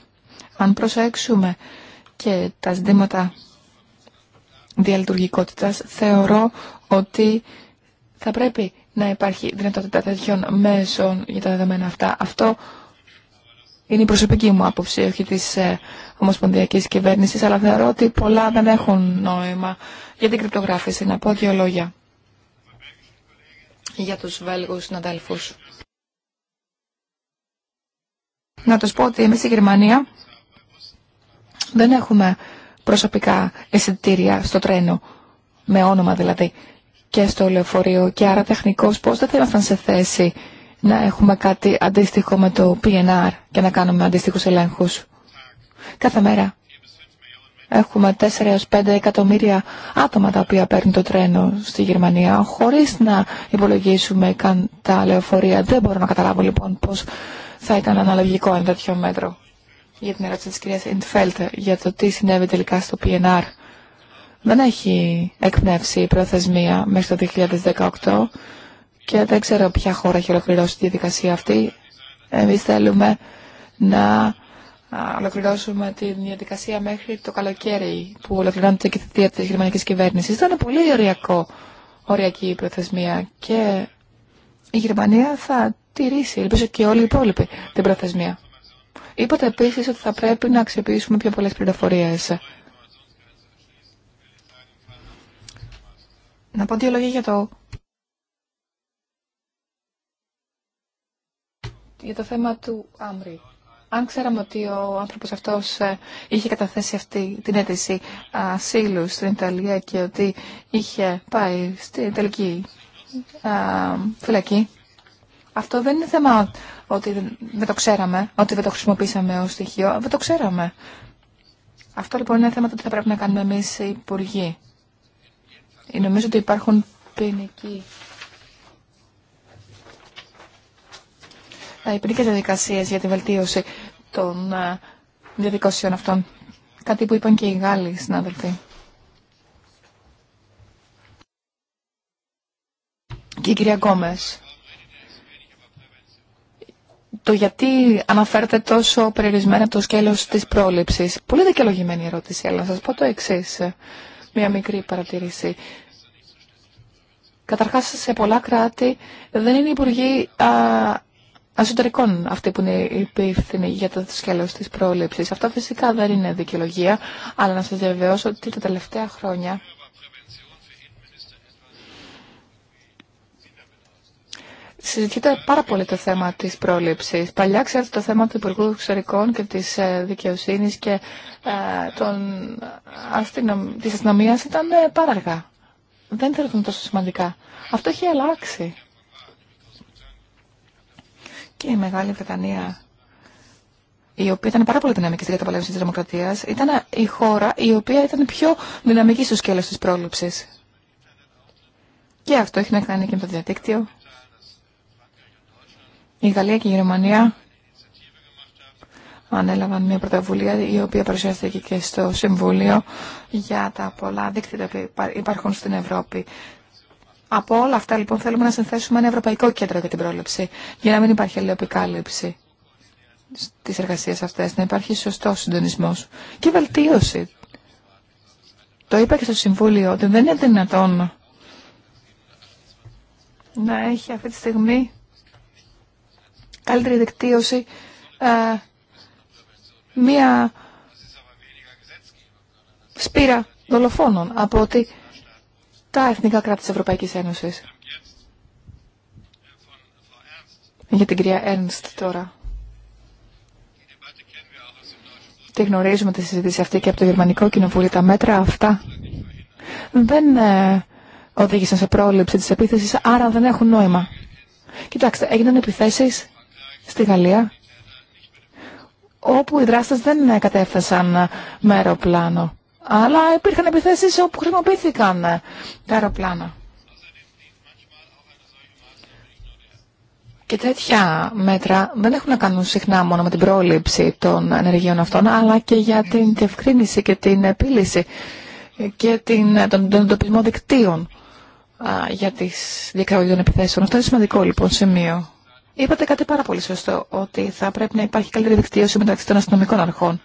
αν προσέξουμε και τα ζητήματα διαλειτουργικότητας, θεωρώ ότι θα πρέπει να υπάρχει δυνατότητα τέτοιων μέσων για τα δεδομένα αυτά. Αυτό είναι η προσωπική μου άποψη, όχι της ε, Ομοσπονδιακής Κυβέρνησης, αλλά θεωρώ ότι πολλά δεν έχουν νόημα για την κρυπτογράφηση. Να πω δύο λόγια για τους Βέλγους συναδέλφους. Να τους πω ότι εμείς στη Γερμανία δεν έχουμε προσωπικά εισιτήρια στο τρένο, με όνομα δηλαδή, και στο λεωφορείο και άρα τεχνικώς πώς δεν θα ήμασταν σε θέση να έχουμε κάτι αντίστοιχο με το PNR και να κάνουμε αντίστοιχους ελέγχους. Κάθε μέρα έχουμε 4 έως 5 εκατομμύρια άτομα τα οποία παίρνουν το τρένο στη Γερμανία χωρίς να υπολογίσουμε καν τα λεωφορεία. Δεν μπορώ να καταλάβω λοιπόν πώς θα ήταν αναλογικό ένα τέτοιο μέτρο για την ερώτηση τη κυρία Ιντφέλτ για το τι συνέβη τελικά στο PNR. Δεν έχει εκπνεύσει η προθεσμία μέχρι το 2018 και δεν ξέρω ποια χώρα έχει ολοκληρώσει τη διαδικασία αυτή. Εμεί θέλουμε να ολοκληρώσουμε τη διαδικασία μέχρι το καλοκαίρι που ολοκληρώνεται και η θητεία τη γερμανική κυβέρνηση. Ήταν πολύ ωριακό, ωριακή η προθεσμία και η Γερμανία θα τηρήσει, ελπίζω και όλοι οι υπόλοιποι, την προθεσμία. Είπατε επίσης ότι θα πρέπει να αξιοποιήσουμε πιο πολλές πληροφορίες. Να πω δύο λόγια για το... για το θέμα του άμρι. Αν ξέραμε ότι ο άνθρωπος αυτός ε, είχε καταθέσει αυτή την αίτηση ασύλου στην Ιταλία και ότι είχε πάει στην Ιταλική ε, φυλακή, αυτό δεν είναι θέμα ότι δεν το ξέραμε, ότι δεν το χρησιμοποίησαμε ως στοιχείο, δεν το ξέραμε. Αυτό λοιπόν είναι θέμα το ότι θα πρέπει να κάνουμε εμείς οι υπουργοί. Ε, νομίζω ότι υπάρχουν ποινικοί. Ε, οι ποινικές διαδικασίες για τη βελτίωση των ε, διαδικασιών αυτών. Κάτι που είπαν και οι Γάλλοι συνάδελφοι. Και η κυρία Γκόμες γιατί αναφέρετε τόσο περιορισμένα το σκέλος της πρόληψης. Πολύ δικαιολογημένη ερώτηση, αλλά να σας πω το εξή. Μια μικρή παρατηρήση. Καταρχάς, σε πολλά κράτη δεν είναι υπουργοί α, αυτοί που είναι υπεύθυνοι για το σκέλος της πρόληψης. Αυτό φυσικά δεν είναι δικαιολογία, αλλά να σας διαβεβαιώσω ότι τα τελευταία χρόνια συζητείται πάρα πολύ το θέμα τη πρόληψη. Παλιά ξέρετε το θέμα του Υπουργού Εξωτερικών και της ε, δικαιοσύνη και ε, των ε, αστυνομ... της αστυνομίας ήταν ε, πάρα αργά. Δεν θεωρούνταν τόσο σημαντικά. Αυτό έχει αλλάξει. Και η Μεγάλη Βρετανία, η οποία ήταν πάρα πολύ δυναμική στην καταπολέμηση τη Δημοκρατία, ήταν η χώρα η οποία ήταν πιο δυναμική στο σκέλο τη πρόληψη. Και αυτό έχει να κάνει και με το διαδίκτυο η Γαλλία και η Γερμανία ανέλαβαν μια πρωτοβουλία η οποία παρουσιάστηκε και στο Συμβούλιο για τα πολλά δίκτυα που υπάρχουν στην Ευρώπη. Από όλα αυτά λοιπόν θέλουμε να συνθέσουμε ένα ευρωπαϊκό κέντρο για την πρόληψη, για να μην υπάρχει αλληλεπικάλυψη στις εργασίες αυτές, να υπάρχει σωστός συντονισμός και βελτίωση. Το είπα και στο Συμβούλιο ότι δεν είναι δυνατόν να έχει αυτή τη στιγμή καλύτερη δικτύωση, ε, μία σπήρα δολοφόνων από ότι τα εθνικά κράτη της Ευρωπαϊκής Ένωσης. Για την κυρία Έρνστ τώρα. Τη γνωρίζουμε τη συζήτηση αυτή και από το Γερμανικό Κοινοβούλιο. Τα μέτρα αυτά δεν ε, οδήγησαν σε πρόληψη της επίθεσης, άρα δεν έχουν νόημα. Κοιτάξτε, έγιναν επιθέσεις στη Γαλλία, όπου οι δράστες δεν κατέφθασαν με αεροπλάνο. Αλλά υπήρχαν επιθέσεις όπου χρησιμοποιήθηκαν τα αεροπλάνα. Και τέτοια μέτρα δεν έχουν να κάνουν συχνά μόνο με την πρόληψη των ενεργειών αυτών, αλλά και για την διευκρίνηση και την επίλυση και την, τον, τον εντοπισμό δικτύων α, για τις διακραγωγή των επιθέσεων. Αυτό είναι σημαντικό λοιπόν σημείο. Είπατε κάτι πάρα πολύ σωστό, ότι θα πρέπει να υπάρχει καλύτερη δικτύωση μεταξύ των αστυνομικών αρχών.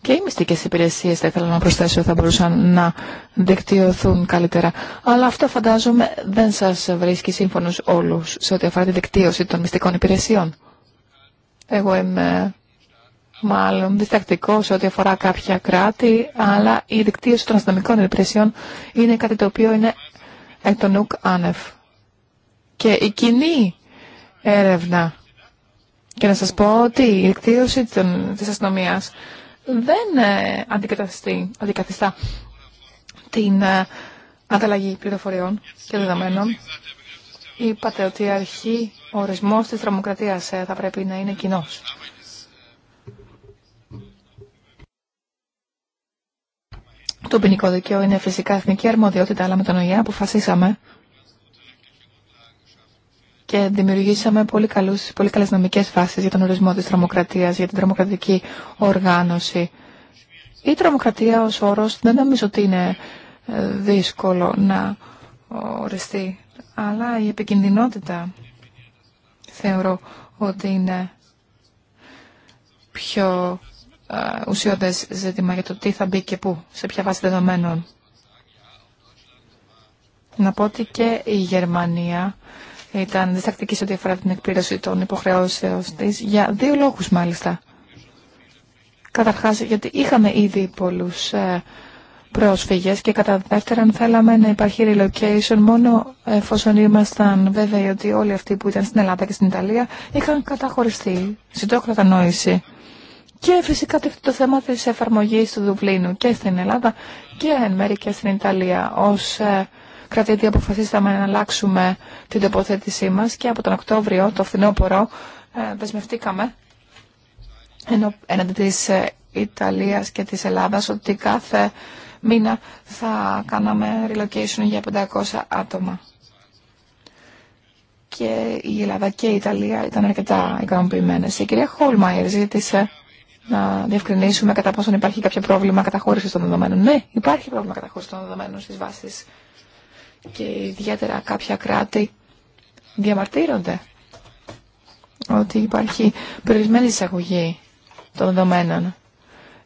Και οι μυστικές υπηρεσίες, θα ήθελα να προσθέσω, θα μπορούσαν να δικτυωθούν καλύτερα. Αλλά αυτό φαντάζομαι δεν σας βρίσκει σύμφωνος όλους σε ό,τι αφορά τη δικτύωση των μυστικών υπηρεσιών. Εγώ είμαι μάλλον διστακτικό σε ό,τι αφορά κάποια κράτη, αλλά η δικτύωση των αστυνομικών υπηρεσιών είναι κάτι το οποίο είναι εκ των ΟΚ άνευ και η κοινή έρευνα. Και να σας πω ότι η εκτίωση της αστυνομία δεν ε, αντικαθιστά την ε, ανταλλαγή πληροφοριών και δεδομένων. Είπατε ότι η αρχή ο ορισμός της δημοκρατίας ε, θα πρέπει να είναι κοινό. Το ποινικό δικαίωμα είναι φυσικά εθνική αρμοδιότητα, αλλά με τον ΟΙΑ αποφασίσαμε και δημιουργήσαμε πολύ, καλούς, πολύ καλές νομικές βάσεις για τον ορισμό της τρομοκρατίας, για την τρομοκρατική οργάνωση. Η τρομοκρατία ως όρος δεν νομίζω ότι είναι ε, δύσκολο να οριστεί, αλλά η επικινδυνότητα θεωρώ ότι είναι πιο ε, ουσιώδες ζήτημα για το τι θα μπει και πού, σε ποια βάση δεδομένων. Να πω ότι και η Γερμανία ήταν διστακτική σε ό,τι αφορά την εκπλήρωση των υποχρεώσεων τη, για δύο λόγους μάλιστα. Καταρχάς, γιατί είχαμε ήδη πολλούς ε, πρόσφυγες και κατά δεύτερον θέλαμε να υπάρχει relocation μόνο εφόσον ήμασταν βέβαιοι ότι όλοι αυτοί που ήταν στην Ελλάδα και στην Ιταλία είχαν καταχωριστεί. Ζητώ κατανόηση. Και φυσικά το θέμα της εφαρμογής του Δουβλίνου και στην Ελλάδα και εν μέρει και στην Ιταλία ως ε, Κρατήτη αποφασίσαμε να αλλάξουμε την τοποθέτησή μας και από τον Οκτώβριο, το φθινόπωρο, ε, δεσμευτήκαμε έναντι της ε, Ιταλίας και της Ελλάδας ότι κάθε μήνα θα κάναμε relocation για 500 άτομα. Και η Ελλάδα και η Ιταλία ήταν αρκετά ικανοποιημένε. Η κυρία Χόλμαϊρ ζήτησε να διευκρινίσουμε κατά πόσον υπάρχει κάποιο πρόβλημα καταχώρηση των δεδομένων. Ναι, υπάρχει πρόβλημα καταχώρηση των δεδομένων στι βάσει και ιδιαίτερα κάποια κράτη διαμαρτύρονται ότι υπάρχει περιορισμένη εισαγωγή των δεδομένων.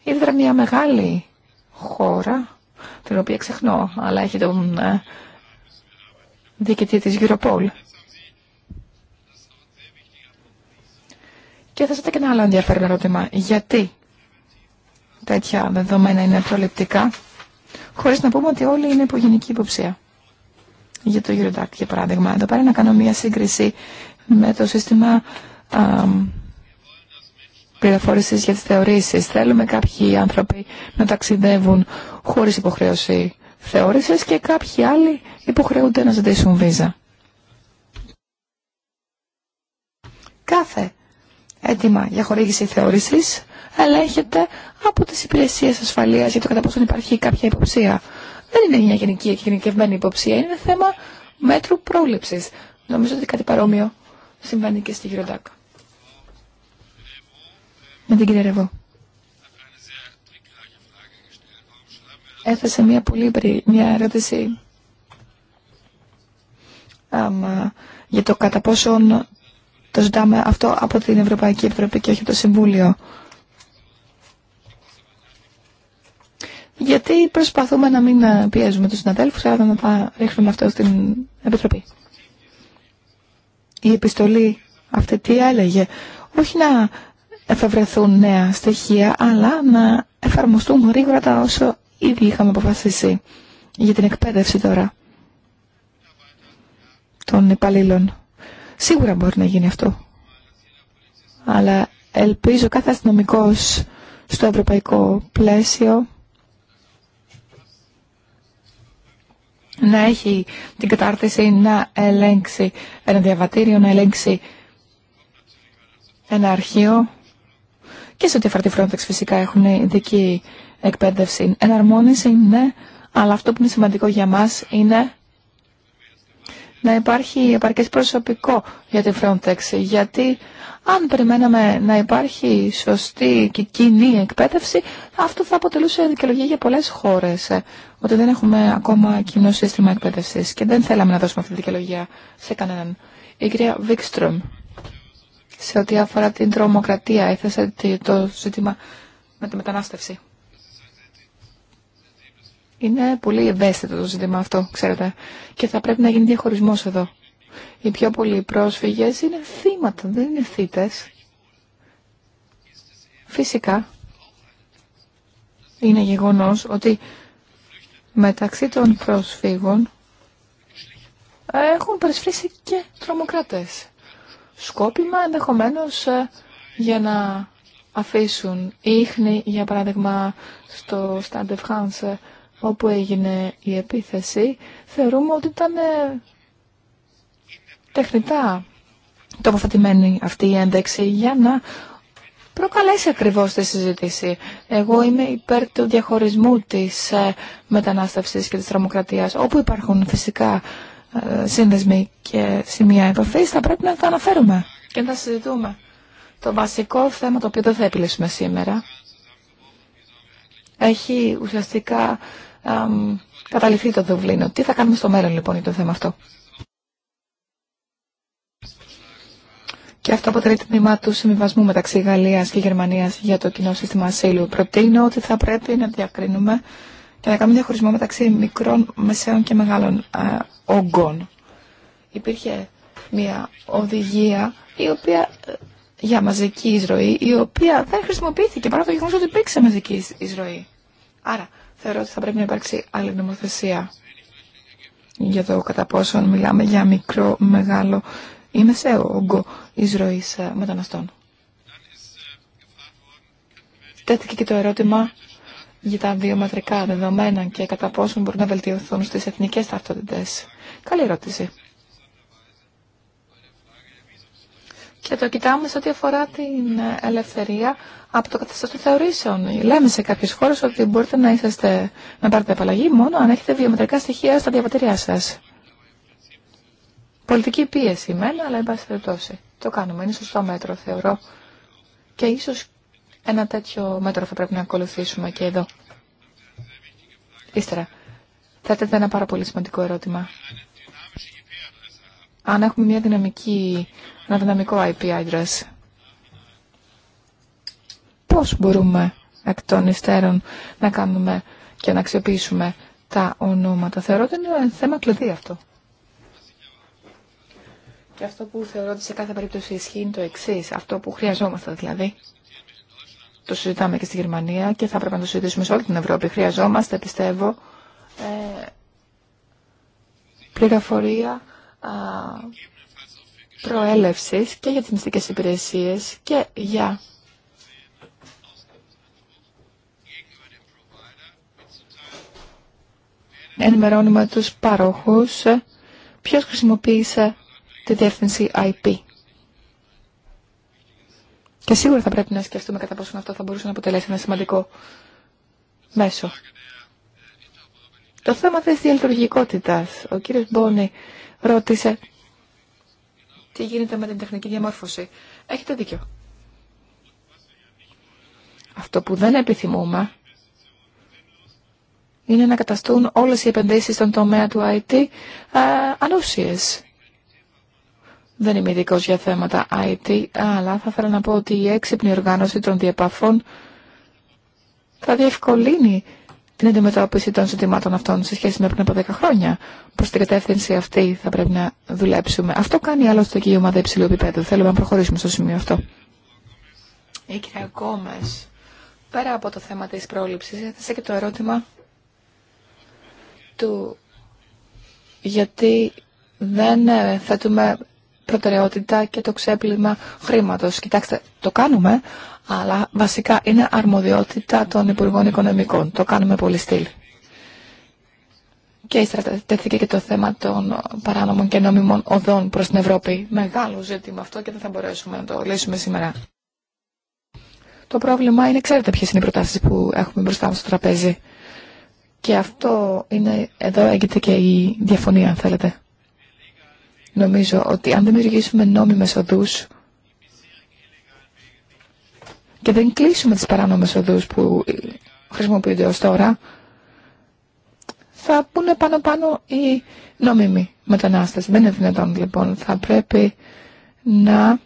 Ιδιαίτερα μια μεγάλη χώρα, την οποία ξεχνώ, αλλά έχει τον ε, διοικητή της Europol. Και θέσατε και ένα άλλο ενδιαφέρον ερώτημα. Γιατί τέτοια δεδομένα είναι προληπτικά, χωρίς να πούμε ότι όλοι είναι υπογενική υποψία για το Eurodac για παράδειγμα. Εδώ πέρα να κάνω μία σύγκριση με το σύστημα πληροφόρηση για τις θεωρήσεις. Θέλουμε κάποιοι άνθρωποι να ταξιδεύουν χωρίς υποχρέωση θεώρησης και κάποιοι άλλοι υποχρεούνται να ζητήσουν βίζα. Κάθε αίτημα για χορήγηση θεώρησης ελέγχεται από τις υπηρεσίες ασφαλείας για το κατά πόσο υπάρχει κάποια υποψία δεν είναι μια γενική γενικευμένη υποψία, είναι θέμα μέτρου πρόληψη. Νομίζω ότι κάτι παρόμοιο συμβαίνει και στη Γυροντάκα. Με την κυρία Ρεβό. Έθεσε μια πολύ μια ερώτηση Άμα, για το κατά πόσον το ζητάμε αυτό από την Ευρωπαϊκή Επιτροπή και όχι από το Συμβούλιο. Γιατί προσπαθούμε να μην ε, πιέζουμε τους συναδέλφους, αλλά να τα ρίχνουμε αυτό στην Επιτροπή. Η επιστολή αυτή τι έλεγε. Όχι να εφευρεθούν νέα στοιχεία, αλλά να εφαρμοστούν γρήγορα τα όσο ήδη είχαμε αποφασίσει για την εκπαίδευση τώρα των υπαλλήλων. Σίγουρα μπορεί να γίνει αυτό. Αλλά ελπίζω κάθε αστυνομικό στο ευρωπαϊκό πλαίσιο να έχει την κατάρτιση να ελέγξει ένα διαβατήριο, να ελέγξει ένα αρχείο και σε ό,τι αφορά τη Frontex φυσικά έχουν ειδική εκπαίδευση. Εναρμόνιση ναι, αλλά αυτό που είναι σημαντικό για μας είναι να υπάρχει επαρκές προσωπικό για τη Frontex, γιατί αν περιμέναμε να υπάρχει σωστή και κοινή εκπαίδευση, αυτό θα αποτελούσε δικαιολογία για πολλές χώρες, ε, ότι δεν έχουμε ακόμα κοινό σύστημα εκπαίδευση και δεν θέλαμε να δώσουμε αυτή τη δικαιολογία σε κανέναν. Η κυρία Βίξτρομ σε ό,τι αφορά την τρομοκρατία, έθεσε το ζήτημα με τη μετανάστευση. Είναι πολύ ευαίσθητο το ζήτημα αυτό, ξέρετε. Και θα πρέπει να γίνει διαχωρισμό εδώ. Οι πιο πολλοί πρόσφυγες είναι θύματα, δεν είναι θύτες. Φυσικά, είναι γεγονός ότι μεταξύ των προσφύγων έχουν περισφρήσει και τρομοκράτες. Σκόπιμα ενδεχομένω ε, για να αφήσουν ίχνη, για παράδειγμα, στο Στάντεφ Χάνσε όπου έγινε η επίθεση, θεωρούμε ότι ήταν ε, τεχνητά τοποθετημένη αυτή η ένταξη για να προκαλέσει ακριβώς τη συζήτηση. Εγώ είμαι υπέρ του διαχωρισμού της ε, μετανάστευσης και της τρομοκρατίας. Όπου υπάρχουν φυσικά ε, σύνδεσμοι και σημεία επαφής θα πρέπει να τα αναφέρουμε και να τα συζητούμε. Το βασικό θέμα το οποίο δεν θα επιλύσουμε σήμερα έχει ουσιαστικά καταληφθεί το Δουβλίνο. Τι θα κάνουμε στο μέλλον λοιπόν για το θέμα αυτό. Και αυτό αποτελεί τμήμα του συμβιβασμού μεταξύ Γαλλία και Γερμανία για το κοινό σύστημα ασύλου. Προτείνω ότι θα πρέπει να διακρίνουμε και να κάνουμε διαχωρισμό μεταξύ μικρών, μεσαίων και μεγάλων α, όγκων. Υπήρχε μια οδηγία η οποία, ε, για μαζική εισρωή, η οποία δεν χρησιμοποιήθηκε παρά το γεγονό ότι υπήρξε μαζική εισρωή. Άρα, θεωρώ ότι θα πρέπει να υπάρξει άλλη νομοθεσία για το κατά πόσον μιλάμε για μικρό, μεγάλο ή μεσαίο όγκο εισρωής ε, μεταναστών. Τέθηκε και το ερώτημα για τα βιομετρικά δεδομένα και κατά πόσον μπορούν να βελτιωθούν στις εθνικές ταυτότητες. Καλή ερώτηση. και το κοιτάμε σε ό,τι αφορά την ελευθερία από το καθεστώ των θεωρήσεων. Λέμε σε κάποιε χώρε ότι μπορείτε να, είσαστε, να πάρετε απαλλαγή μόνο αν έχετε βιομετρικά στοιχεία στα διαβατήριά σα. Πολιτική πίεση μένα, αλλά εν πάση Το κάνουμε. Είναι σωστό μέτρο, θεωρώ. Και ίσω ένα τέτοιο μέτρο θα πρέπει να ακολουθήσουμε και εδώ. Ύστερα, θέλετε ένα πάρα πολύ σημαντικό ερώτημα αν έχουμε μια δυναμική, ένα δυναμικό IP address. Πώς μπορούμε εκ των υστέρων να κάνουμε και να αξιοποιήσουμε τα ονόματα. Θεωρώ ότι είναι θέμα κλειδί αυτό. Και αυτό που θεωρώ ότι σε κάθε περίπτωση ισχύει είναι το εξή, αυτό που χρειαζόμαστε δηλαδή. Το συζητάμε και στη Γερμανία και θα πρέπει να το συζητήσουμε σε όλη την Ευρώπη. Χρειαζόμαστε, πιστεύω, ε, πληροφορία προέλευσης και για τις μυστικές υπηρεσίες και για ενημερώνουμε τους παρόχους ποιος χρησιμοποίησε τη διεύθυνση IP. Και σίγουρα θα πρέπει να σκεφτούμε κατά πόσο αυτό θα μπορούσε να αποτελέσει ένα σημαντικό μέσο. Το θέμα της διαλειτουργικότητας. Ο κύριος Μπόνι ρώτησε τι γίνεται με την τεχνική διαμόρφωση. Έχετε δίκιο. Αυτό που δεν επιθυμούμε είναι να καταστούν όλες οι επενδύσεις στον τομέα του IT α, ε, ανούσιες. Δεν είμαι ειδικό για θέματα IT, αλλά θα ήθελα να πω ότι η έξυπνη οργάνωση των διεπαφών θα διευκολύνει την αντιμετώπιση των ζητημάτων αυτών σε σχέση με πριν από 10 χρόνια. Προ την κατεύθυνση αυτή θα πρέπει να δουλέψουμε. Αυτό κάνει άλλωστε και η ομάδα υψηλού επίπεδου. Θέλουμε να προχωρήσουμε στο σημείο αυτό. Η κυρία Γκόμε, πέρα από το θέμα τη πρόληψη, έθεσε και το ερώτημα του γιατί δεν ε, θέτουμε προτεραιότητα και το ξέπλυμα χρήματος. Κοιτάξτε, το κάνουμε, αλλά βασικά είναι αρμοδιότητα των Υπουργών Οικονομικών. Το κάνουμε πολύ στυλ. Και τέθηκε και το θέμα των παράνομων και νόμιμων οδών προς την Ευρώπη. Μεγάλο ζήτημα αυτό και δεν θα μπορέσουμε να το λύσουμε σήμερα. Το πρόβλημα είναι, ξέρετε ποιε είναι οι προτάσει που έχουμε μπροστά μας στο τραπέζι. Και αυτό είναι, εδώ έγκυται και η διαφωνία, αν θέλετε. Νομίζω ότι αν δημιουργήσουμε νόμιμε οδού και δεν κλείσουμε τις παράνομες οδούς που χρησιμοποιούνται ως τώρα, θα πούνε πάνω-πάνω οι νόμιμοι μετανάστες. Δεν είναι δυνατόν λοιπόν. Θα πρέπει να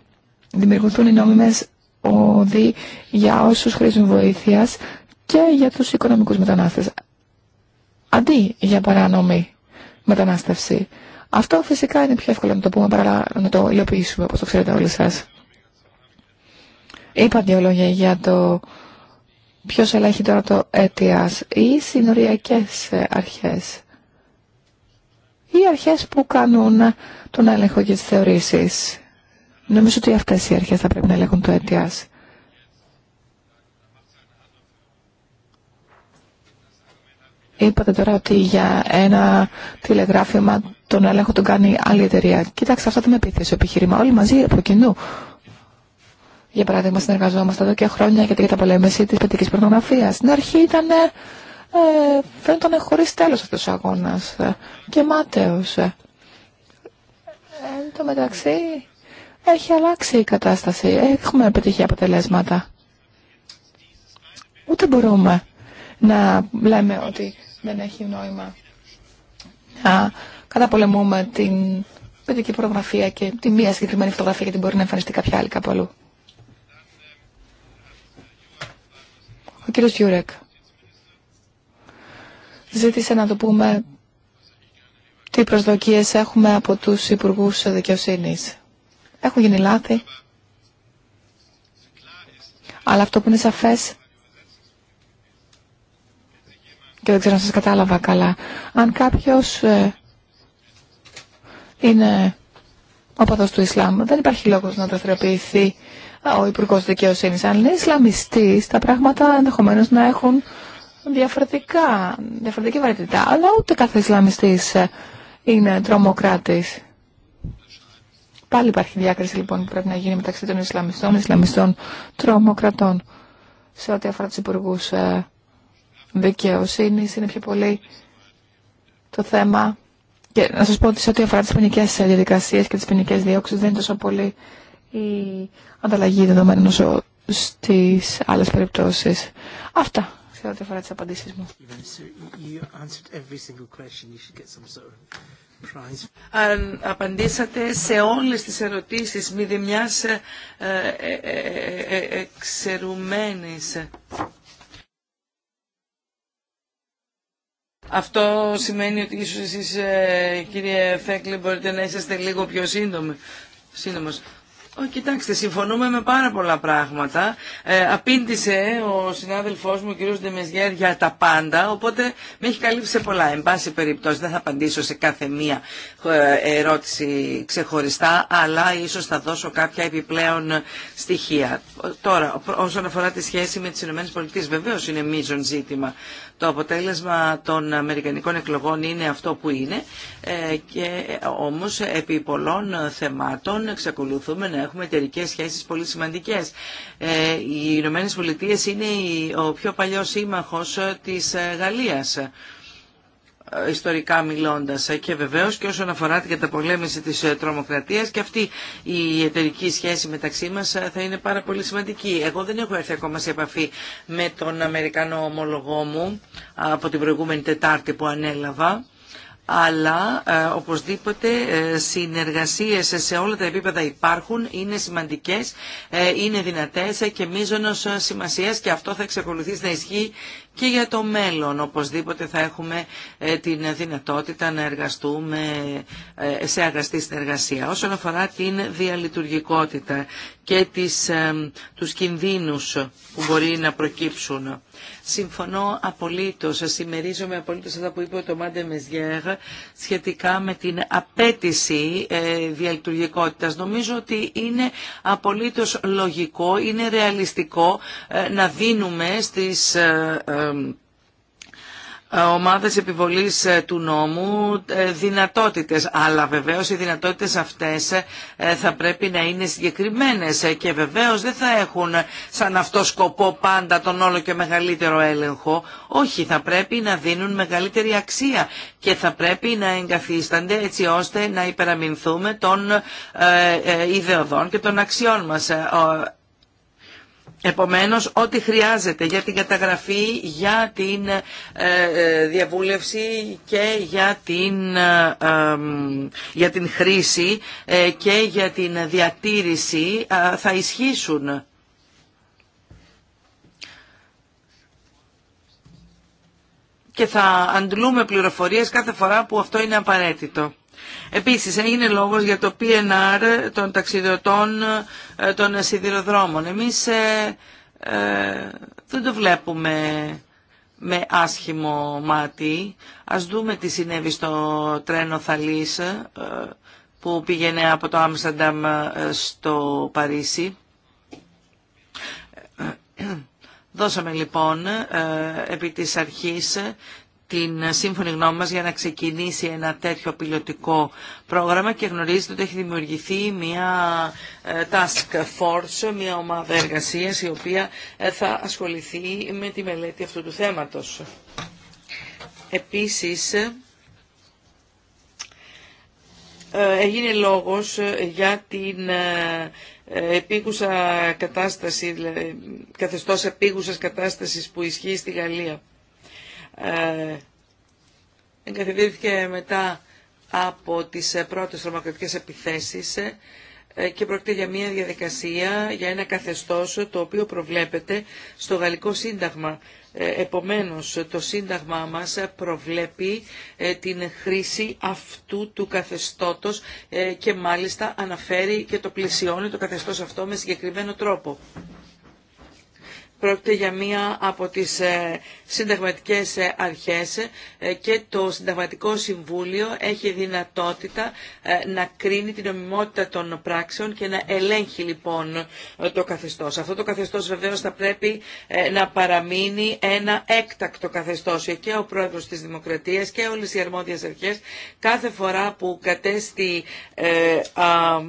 δημιουργηθούν οι νόμιμες οδοί για όσους χρήζουν βοήθειας και για τους οικονομικούς μετανάστες. Αντί για παράνομη μετανάστευση. Αυτό φυσικά είναι πιο εύκολο να το πούμε παρά να το υλοποιήσουμε, όπως το ξέρετε όλοι σας. Είπα δύο λόγια για το ποιος ελέγχει τώρα το αίτιας ή συνοριακές ε, αρχές ή αρχές που κάνουν τον έλεγχο και τις θεωρήσεις. Νομίζω ότι αυτές οι αρχές θα πρέπει να ελέγχουν το αίτιας. Είπατε τώρα ότι για ένα τηλεγράφημα τον έλεγχο τον κάνει άλλη εταιρεία. Κοιτάξτε, αυτό δεν με πείθει επιχείρημα. Όλοι μαζί από κοινού για παράδειγμα, συνεργαζόμαστε εδώ και χρόνια για την καταπολέμηση τη παιδική πορνογραφία. Στην αρχή ήταν. Ε, φαίνονταν χωρί τέλο αυτό ο αγώνα ε, και μάταιο. εν τω μεταξύ, έχει αλλάξει η κατάσταση. Έχουμε πετύχει αποτελέσματα. Ούτε μπορούμε να λέμε ότι δεν έχει νόημα να καταπολεμούμε την παιδική φωτογραφία και τη μία συγκεκριμένη φωτογραφία γιατί μπορεί να εμφανιστεί κάποια άλλη κάπου αλλού. κύριος Γιούρεκ ζήτησε να το πούμε τι προσδοκίες έχουμε από τους Υπουργούς Δικαιοσύνης. Έχουν γίνει λάθη. Αλλά αυτό που είναι σαφές και δεν ξέρω αν σας κατάλαβα καλά. Αν κάποιος ε, είναι ο του Ισλάμ, δεν υπάρχει λόγος να δραστηριοποιηθεί ο Υπουργό Δικαιοσύνη. Αν είναι Ισλαμιστή, τα πράγματα ενδεχομένω να έχουν διαφορετικά, διαφορετική βαρύτητα. Αλλά ούτε κάθε Ισλαμιστή ε, είναι τρομοκράτη. Πάλι υπάρχει διάκριση λοιπόν που πρέπει να γίνει μεταξύ των Ισλαμιστών, Ισλαμιστών τρομοκρατών. Σε ό,τι αφορά του υπουργού ε, δικαιοσύνη, είναι πιο πολύ το θέμα. Και να σα πω ότι σε ό,τι αφορά τι ποινικέ ε, διαδικασίε και τι ποινικέ διώξει, δεν είναι τόσο πολύ η ανταλλαγή δεδομένων στι στις άλλες περιπτώσεις. Αυτά σε ό,τι αφορά τι απαντήσει μου. Αν απαντήσατε σε όλες τις ερωτήσεις μη μιας ε, ε, ε, ε Αυτό σημαίνει ότι ίσως εσείς, κύριε Φέκλη, μπορείτε να είσαστε λίγο πιο σύντομοι. Σύντομος. Ό, κοιτάξτε, συμφωνούμε με πάρα πολλά πράγματα. Απίνθησε ο κοιτάξτε, συμφωνούμε με πάρα πολλά πράγματα. Ε, απήντησε ο συνάδελφός μου, ο κ. Ντεμεζιέρ, για τα πάντα, οπότε με έχει καλύψει σε πολλά. Εν πάση περιπτώσει, δεν θα απαντήσω σε κάθε μία ε, ερώτηση ξεχωριστά, αλλά ίσως θα δώσω κάποια επιπλέον στοιχεία. Τώρα, όσον αφορά τη σχέση με τις ΗΠΑ, βεβαίως είναι μείζον ζήτημα το αποτέλεσμα των Αμερικανικών εκλογών είναι αυτό που είναι ε, και όμως επί πολλών θεμάτων εξακολουθούμε να έχουμε εταιρικέ σχέσεις πολύ σημαντικές. Ε, οι Ηνωμένε Πολιτείε είναι ο πιο παλιός σύμμαχος της ε, Γαλλίας ιστορικά μιλώντας και βεβαίως και όσον αφορά την καταπολέμηση της ε, τρομοκρατίας και αυτή η εταιρική σχέση μεταξύ μας ε, θα είναι πάρα πολύ σημαντική. Εγώ δεν έχω έρθει ακόμα σε επαφή με τον Αμερικανό ομολογό μου από την προηγούμενη Τετάρτη που ανέλαβα αλλά ε, οπωσδήποτε ε, συνεργασίες σε όλα τα επίπεδα υπάρχουν, είναι σημαντικές, ε, είναι δυνατές και ε, σημασίας και αυτό θα εξακολουθήσει να ισχύει και για το μέλλον οπωσδήποτε θα έχουμε ε, την δυνατότητα να εργαστούμε ε, σε αγαστή συνεργασία. Όσον αφορά την διαλειτουργικότητα και τις, ε, τους κινδύνους που μπορεί να προκύψουν. Συμφωνώ απολύτως, συμμερίζομαι απολύτως αυτά που είπε ο Τωμάντε Μεζιέρ σχετικά με την απέτηση διαλειτουργικότητας. Νομίζω ότι είναι απολύτως λογικό, είναι ρεαλιστικό να δίνουμε στις ε, ομάδες επιβολής ε, του νόμου ε, δυνατότητες. Αλλά βεβαίως οι δυνατότητες αυτές θα πρέπει να είναι συγκεκριμένες και βεβαίως δεν θα έχουν σαν αυτό σκοπό πάντα τον όλο και μεγαλύτερο έλεγχο. Όχι, θα πρέπει να δίνουν μεγαλύτερη αξία και θα πρέπει να εγκαθίστανται έτσι ώστε να υπεραμεινθούμε των ιδεωδών και των αξιών μας. Επομένως, ό,τι χρειάζεται για την καταγραφή, για την ε, ε, διαβούλευση και για την, ε, για την χρήση και για την διατήρηση θα ισχύσουν. Και θα αντλούμε πληροφορίες κάθε φορά που αυτό είναι απαραίτητο. Επίσης έγινε λόγος για το PNR των ταξιδιωτών ε, των σιδηροδρόμων. Εμείς ε, ε, δεν το βλέπουμε με άσχημο μάτι. Ας δούμε τι συνέβη στο τρένο Θαλής ε, που πήγαινε από το Άμστερνταμ στο Παρίσι. Δώσαμε λοιπόν επί της αρχής την σύμφωνη γνώμη μας για να ξεκινήσει ένα τέτοιο πιλωτικό πρόγραμμα και γνωρίζετε ότι έχει δημιουργηθεί μια ε, task force, μια ομάδα εργασίας η οποία ε, θα ασχοληθεί με τη μελέτη αυτού του θέματος. Επίσης, ε, έγινε λόγος για την επίγουσα κατάσταση, δηλαδή, καθεστώς επίγουσας κατάστασης που ισχύει στη Γαλλία. Ε, εγκαθιδρύθηκε μετά από τις ε, πρώτες τρομοκρατικές επιθέσεις ε, και πρόκειται για μια διαδικασία, για ένα καθεστώς το οποίο προβλέπεται στο Γαλλικό Σύνταγμα. Επομένως, το Σύνταγμά μας προβλέπει την χρήση αυτού του καθεστώτος και μάλιστα αναφέρει και το πλησιώνει το καθεστώς αυτό με συγκεκριμένο τρόπο. Πρόκειται για μία από τις ε, συνταγματικές ε, αρχές ε, και το Συνταγματικό Συμβούλιο έχει δυνατότητα να κρίνει την νομιμότητα των πράξεων και να ελέγχει λοιπόν το καθεστώς. Αυτό το καθεστώς βεβαίως θα πρέπει να παραμείνει ένα έκτακτο καθεστώς και ο Πρόεδρος της Δημοκρατίας και όλες οι αρμόδιες αρχές κάθε φορά που κατέστη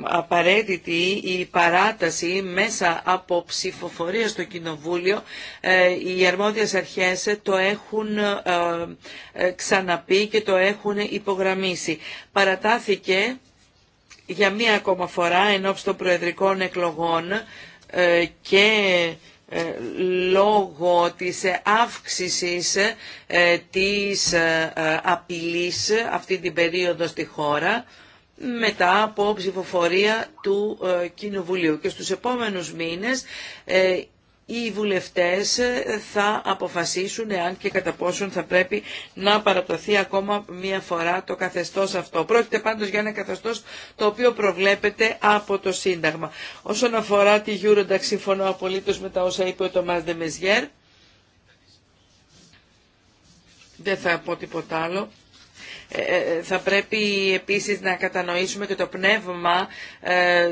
απαραίτητη η παράταση μέσα από ψηφοφορία στο Κοινοβούλιο ε, οι αρμόδιες αρχές το έχουν ε, ε, ξαναπεί και το έχουν υπογραμμίσει. Παρατάθηκε για μία ακόμα φορά εν των προεδρικών εκλογών και λόγω της αύξησης της απειλής αυτή την περίοδο στη χώρα μετά από ψηφοφορία του Κοινοβουλίου. Και στους επόμενους μήνες οι βουλευτές θα αποφασίσουν εάν και κατά πόσον θα πρέπει να παραπτωθεί ακόμα μία φορά το καθεστώς αυτό. Πρόκειται πάντως για ένα καθεστώς το οποίο προβλέπεται από το Σύνταγμα. Όσον αφορά τη Eurodax, συμφωνώ απολύτως με τα όσα είπε ο Τομάς Δεμεζιέρ. Δεν θα πω τίποτα άλλο. Ε, ε, θα πρέπει επίσης να κατανοήσουμε και το πνεύμα ε,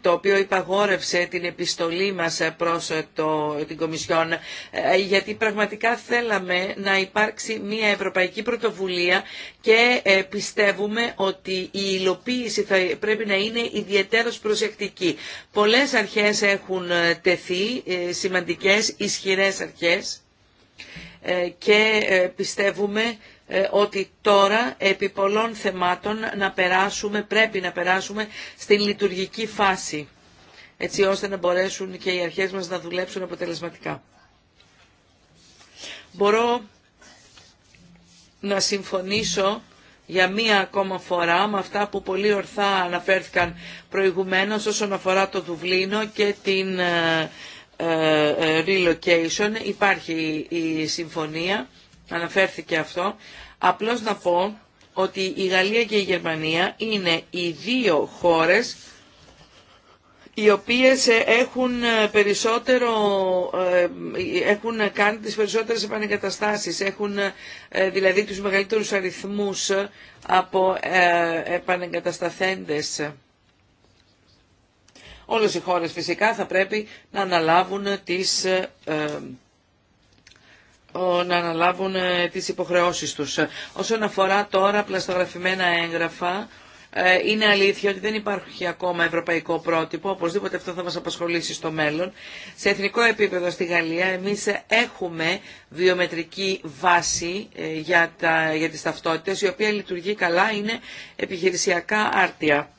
το οποίο υπαγόρευσε την επιστολή μας προς το, την Κομισιόν γιατί πραγματικά θέλαμε να υπάρξει μια ευρωπαϊκή πρωτοβουλία και πιστεύουμε ότι η υλοποίηση θα πρέπει να είναι ιδιαίτερος προσεκτική. Πολλές αρχές έχουν τεθεί, σημαντικές, ισχυρές αρχές ε, και ε, πιστεύουμε ε, ότι τώρα επί πολλών θεμάτων να περάσουμε, πρέπει να περάσουμε στην λειτουργική φάση έτσι ώστε να μπορέσουν και οι αρχές μας να δουλέψουν αποτελεσματικά. Μπορώ να συμφωνήσω για μία ακόμα φορά με αυτά που πολύ ορθά αναφέρθηκαν προηγουμένως όσον αφορά το Δουβλίνο και την ε, ε, relocation. Υπάρχει η συμφωνία, αναφέρθηκε αυτό. Απλώς να πω ότι η Γαλλία και η Γερμανία είναι οι δύο χώρες οι οποίες ε, έχουν, περισσότερο, έχουν κάνει τις περισσότερες επανεγκαταστάσεις, έχουν δηλαδή τους μεγαλύτερους αριθμούς από επανεγκατασταθέντες. Όλες οι χώρες φυσικά θα πρέπει να αναλάβουν τις, ε, ε να αναλάβουν ε, τις υποχρεώσεις τους. Όσον αφορά τώρα πλαστογραφημένα έγγραφα, ε, είναι αλήθεια ότι δεν υπάρχει ακόμα ευρωπαϊκό πρότυπο, οπωσδήποτε αυτό θα μας απασχολήσει στο μέλλον. Σε εθνικό επίπεδο στη Γαλλία εμείς έχουμε βιομετρική βάση για, τα, για τις ταυτότητες, η οποία λειτουργεί καλά, είναι επιχειρησιακά άρτια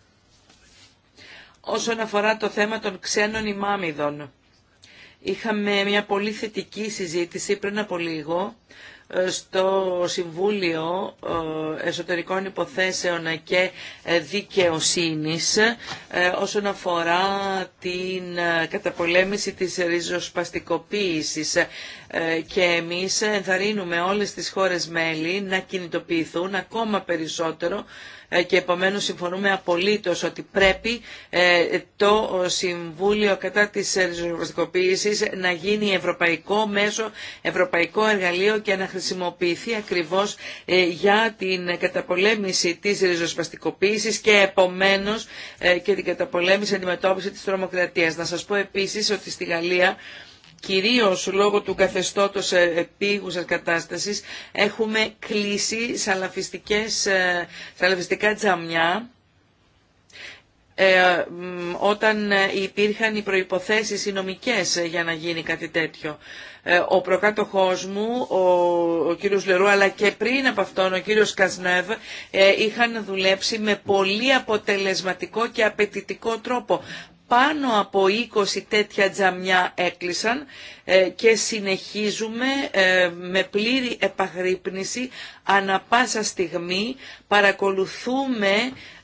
όσον αφορά το θέμα των ξένων ημάμιδων. Είχαμε μια πολύ θετική συζήτηση πριν από λίγο ε, στο Συμβούλιο ε, Εσωτερικών Υποθέσεων και Δικαιοσύνης ε, όσον αφορά την καταπολέμηση της ριζοσπαστικοποίησης και εμείς ενθαρρύνουμε όλες τις χώρες μέλη να κινητοποιηθούν ακόμα περισσότερο ε, και επομένως συμφωνούμε απολύτως ότι πρέπει ε, το Συμβούλιο κατά της ριζοσπαστικοποίησης να γίνει ευρωπαϊκό μέσο, ευρωπαϊκό εργαλείο και να χρησιμοποιηθεί ακριβώς ε, για την καταπολέμηση της ριζοσπαστικοποίησης και επομένως και την καταπολέμηση αντιμετώπιση της τρομοκρατίας. Να σας πω επίσης ότι στη Γαλλία κυρίως λόγω του καθεστώτος ε, επίγουσας κατάστασης έχουμε κλείσει σαλαφιστικές, ε, σαλαφιστικά τζαμιά ε, όταν υπήρχαν οι προϋποθέσεις οι νομικές για να γίνει κάτι τέτοιο. Ο προκάτοχός μου, ο, ο κύριος Λερού, αλλά και πριν από αυτόν ο κύριος Κασνεύ, είχαν δουλέψει με πολύ αποτελεσματικό και απαιτητικό τρόπο πάνω από 20 τέτοια τζαμιά έκλεισαν ε, και συνεχίζουμε ε, με πλήρη επαγρύπνηση ανα πάσα στιγμή παρακολουθούμε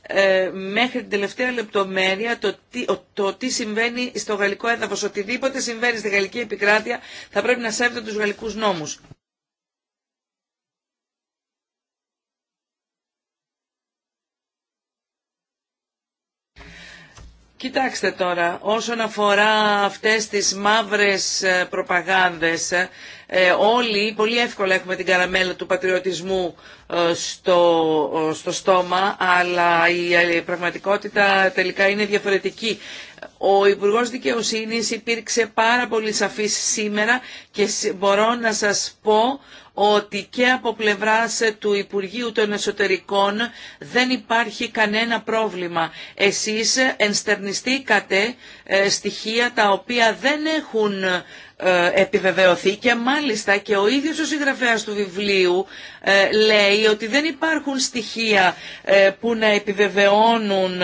ε, μέχρι την τελευταία λεπτομέρεια το τι, το τι συμβαίνει στο γαλλικό έδαφος. Οτιδήποτε συμβαίνει στη γαλλική επικράτεια θα πρέπει να σέβεται τους γαλλικούς νόμους. Κοιτάξτε τώρα, όσον αφορά αυτές τις μαύρες ε, προπαγάνδες, ε, ε, όλοι πολύ εύκολα έχουμε την καραμέλα του πατριωτισμού ε, ε, στο, στόμα, αλλά η πραγματικότητα τελικά είναι διαφορετική. Ο Υπουργός Δικαιοσύνης υπήρξε πάρα πολύ σαφής σήμερα και μπορώ να σας πω ότι και από πλευράς του Υπουργείου των Εσωτερικών δεν υπάρχει κανένα πρόβλημα. Εσείς ενστερνιστήκατε στοιχεία τα οποία δεν έχουν ε, επιβεβαιωθεί και μάλιστα και ο ίδιος ο συγγραφέας του βιβλίου ε, λέει ότι δεν υπάρχουν στοιχεία ε, που να επιβεβαιώνουν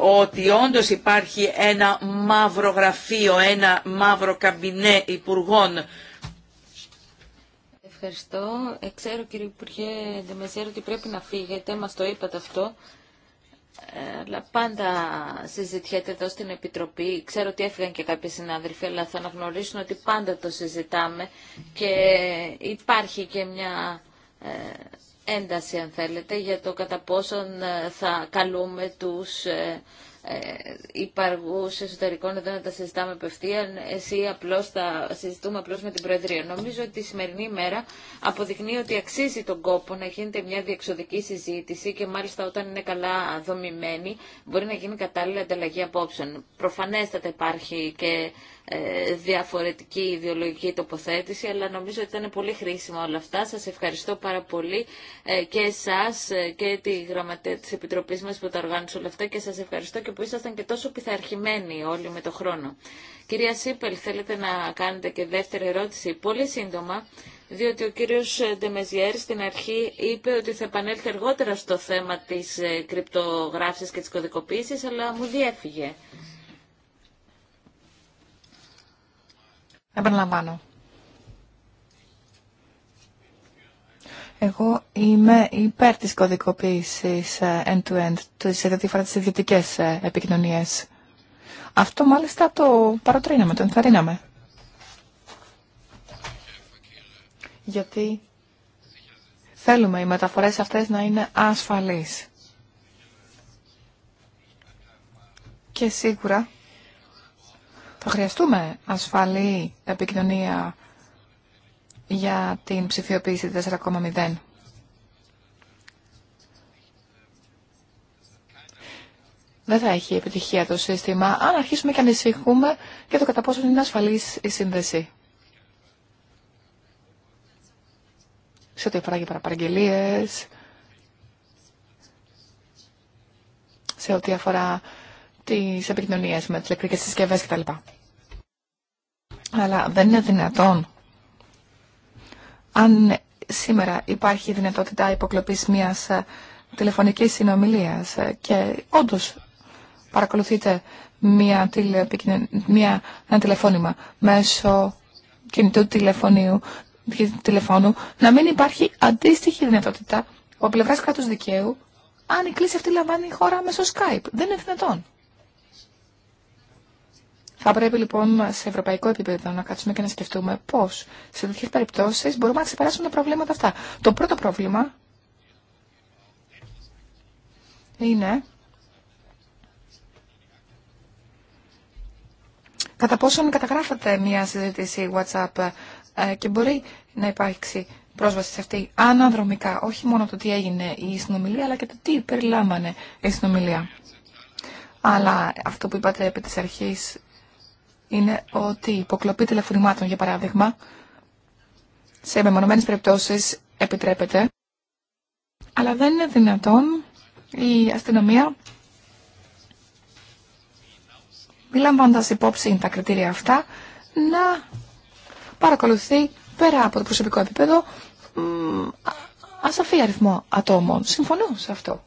ότι όντως υπάρχει ένα μαύρο γραφείο, ένα μαύρο καμπινέ υπουργών Ευχαριστώ. Ξέρω κύριε Υπουργέ Ντεμεζέρ ότι πρέπει να φύγετε, μας το είπατε αυτό αλλά πάντα συζητιέται εδώ στην Επιτροπή. Ξέρω ότι έφυγαν και κάποιοι συνάδελφοι, αλλά θα αναγνωρίσουν ότι πάντα το συζητάμε και υπάρχει και μια ε, ένταση, αν θέλετε, για το κατά πόσον ε, θα καλούμε τους ε, ε, υπαργούς εσωτερικών εδώ να τα συζητάμε απευθείαν, εσύ απλώς θα συζητούμε απλώς με την Προεδρία. Νομίζω ότι η σημερινή ημέρα αποδεικνύει ότι αξίζει τον κόπο να γίνεται μια διεξοδική συζήτηση και μάλιστα όταν είναι καλά δομημένη μπορεί να γίνει κατάλληλη ανταλλαγή απόψεων. Προφανέστατα υπάρχει και ε, διαφορετική ιδεολογική τοποθέτηση, αλλά νομίζω ότι ήταν πολύ χρήσιμα όλα αυτά. Σας ευχαριστώ πάρα πολύ ε, και εσάς ε, και τη γραμματέα της Επιτροπής μας που τα οργάνωσε όλα αυτά και σας ευχαριστώ και που ήσασταν και τόσο πειθαρχημένοι όλοι με το χρόνο. Κυρία Σίπελ, θέλετε να κάνετε και δεύτερη ερώτηση. Πολύ σύντομα, διότι ο κύριος Ντεμεζιέρ στην αρχή είπε ότι θα επανέλθει αργότερα στο θέμα της κρυπτογράφησης και της κωδικοποίησης, αλλά μου διέφυγε. Επαναλαμβάνω. Εγώ είμαι υπέρ της κωδικοποίησης ε, end-to-end, σε διαφορά τις ε, επικοινωνίες. Αυτό μάλιστα το παροτρύναμε, το ενθαρρύναμε. Γιατί θέλουμε οι μεταφορές αυτές να είναι ασφαλείς. Και σίγουρα θα χρειαστούμε ασφαλή επικοινωνία για την ψηφιοποίηση 4,0. Δεν θα έχει επιτυχία το σύστημα αν αρχίσουμε και ανησυχούμε για το κατά πόσο είναι ασφαλής η σύνδεση. Σε ό,τι αφορά για παραπαραγγελίες, σε ό,τι αφορά τις επικοινωνίες με τις ηλεκτρικές συσκευές κτλ. Αλλά δεν είναι δυνατόν αν σήμερα υπάρχει δυνατότητα υποκλοπής μιας ε, τηλεφωνικής συνομιλίας ε, και όντως παρακολουθείτε μια μια... ένα τηλεφώνημα μέσω κινητού τηλεφωνίου, τηλεφώνου, να μην υπάρχει αντίστοιχη δυνατότητα ο πλευρά κράτου δικαίου αν η κλίση αυτή λαμβάνει η χώρα μέσω Skype. Δεν είναι δυνατόν. Θα πρέπει λοιπόν σε ευρωπαϊκό επίπεδο να κάτσουμε και να σκεφτούμε πώ σε τέτοιε περιπτώσει μπορούμε να ξεπεράσουμε τα προβλήματα αυτά. Το πρώτο πρόβλημα είναι κατά πόσον καταγράφεται μια συζήτηση WhatsApp ε, και μπορεί να υπάρξει πρόσβαση σε αυτή αναδρομικά, όχι μόνο το τι έγινε η συνομιλία, αλλά και το τι περιλάμβανε η συνομιλία. Αλλά αυτό που είπατε επί της αρχής είναι ότι η υποκλοπή τηλεφωνημάτων, για παράδειγμα, σε μεμονωμένες περιπτώσεις επιτρέπεται, αλλά δεν είναι δυνατόν η αστυνομία, μη λαμβάνοντα υπόψη τα κριτήρια αυτά, να παρακολουθεί πέρα από το προσωπικό επίπεδο ασαφή αριθμό ατόμων. Συμφωνώ σε αυτό.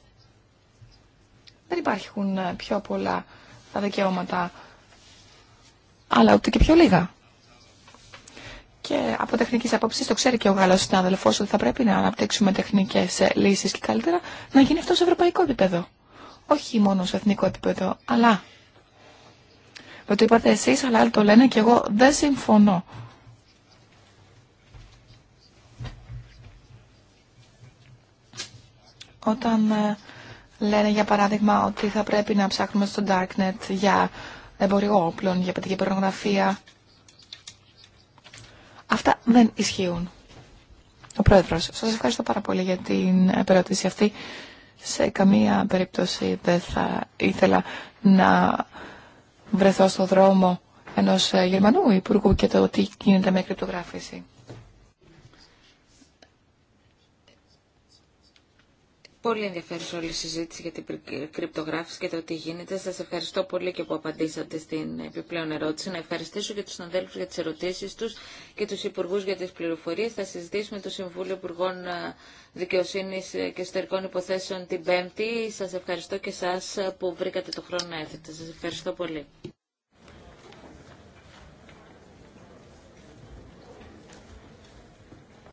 Δεν υπάρχουν πιο πολλά τα δικαιώματα αλλά ούτε και πιο λίγα. Και από τεχνική απόψη το ξέρει και ο Γάλλο συνάδελφο ότι θα πρέπει να αναπτύξουμε τεχνικέ ε, λύσει και καλύτερα να γίνει αυτό σε ευρωπαϊκό επίπεδο. Όχι μόνο σε εθνικό επίπεδο, αλλά. Με το είπατε εσεί, αλλά το λένε και εγώ δεν συμφωνώ. Όταν ε, λένε για παράδειγμα ότι θα πρέπει να ψάχνουμε στο Darknet για εμπορικό όπλων, για παιδική πορνογραφία. Αυτά δεν ισχύουν. Ο Πρόεδρος, σας ευχαριστώ πάρα πολύ για την επερωτηση αυτή. Σε καμία περίπτωση δεν θα ήθελα να βρεθώ στο δρόμο ενός ε, Γερμανού Υπουργού και το τι γίνεται με κρυπτογράφηση. Πολύ ενδιαφέρουσα όλη η συζήτηση για την ε, κρυπτογράφηση και το τι γίνεται. Σας ευχαριστώ πολύ και που απαντήσατε στην επιπλέον ερώτηση. Να ευχαριστήσω και τους συναδέλφου για τις ερωτήσει τους και τους Υπουργού για τις πληροφορίες. Θα συζητήσουμε το Συμβούλιο Υπουργών ε, Δικαιοσύνης ε, και Εσωτερικών Υποθέσεων την Πέμπτη. Σα ευχαριστώ και σας που βρήκατε το χρόνο να έρθετε. Σα ευχαριστώ πολύ.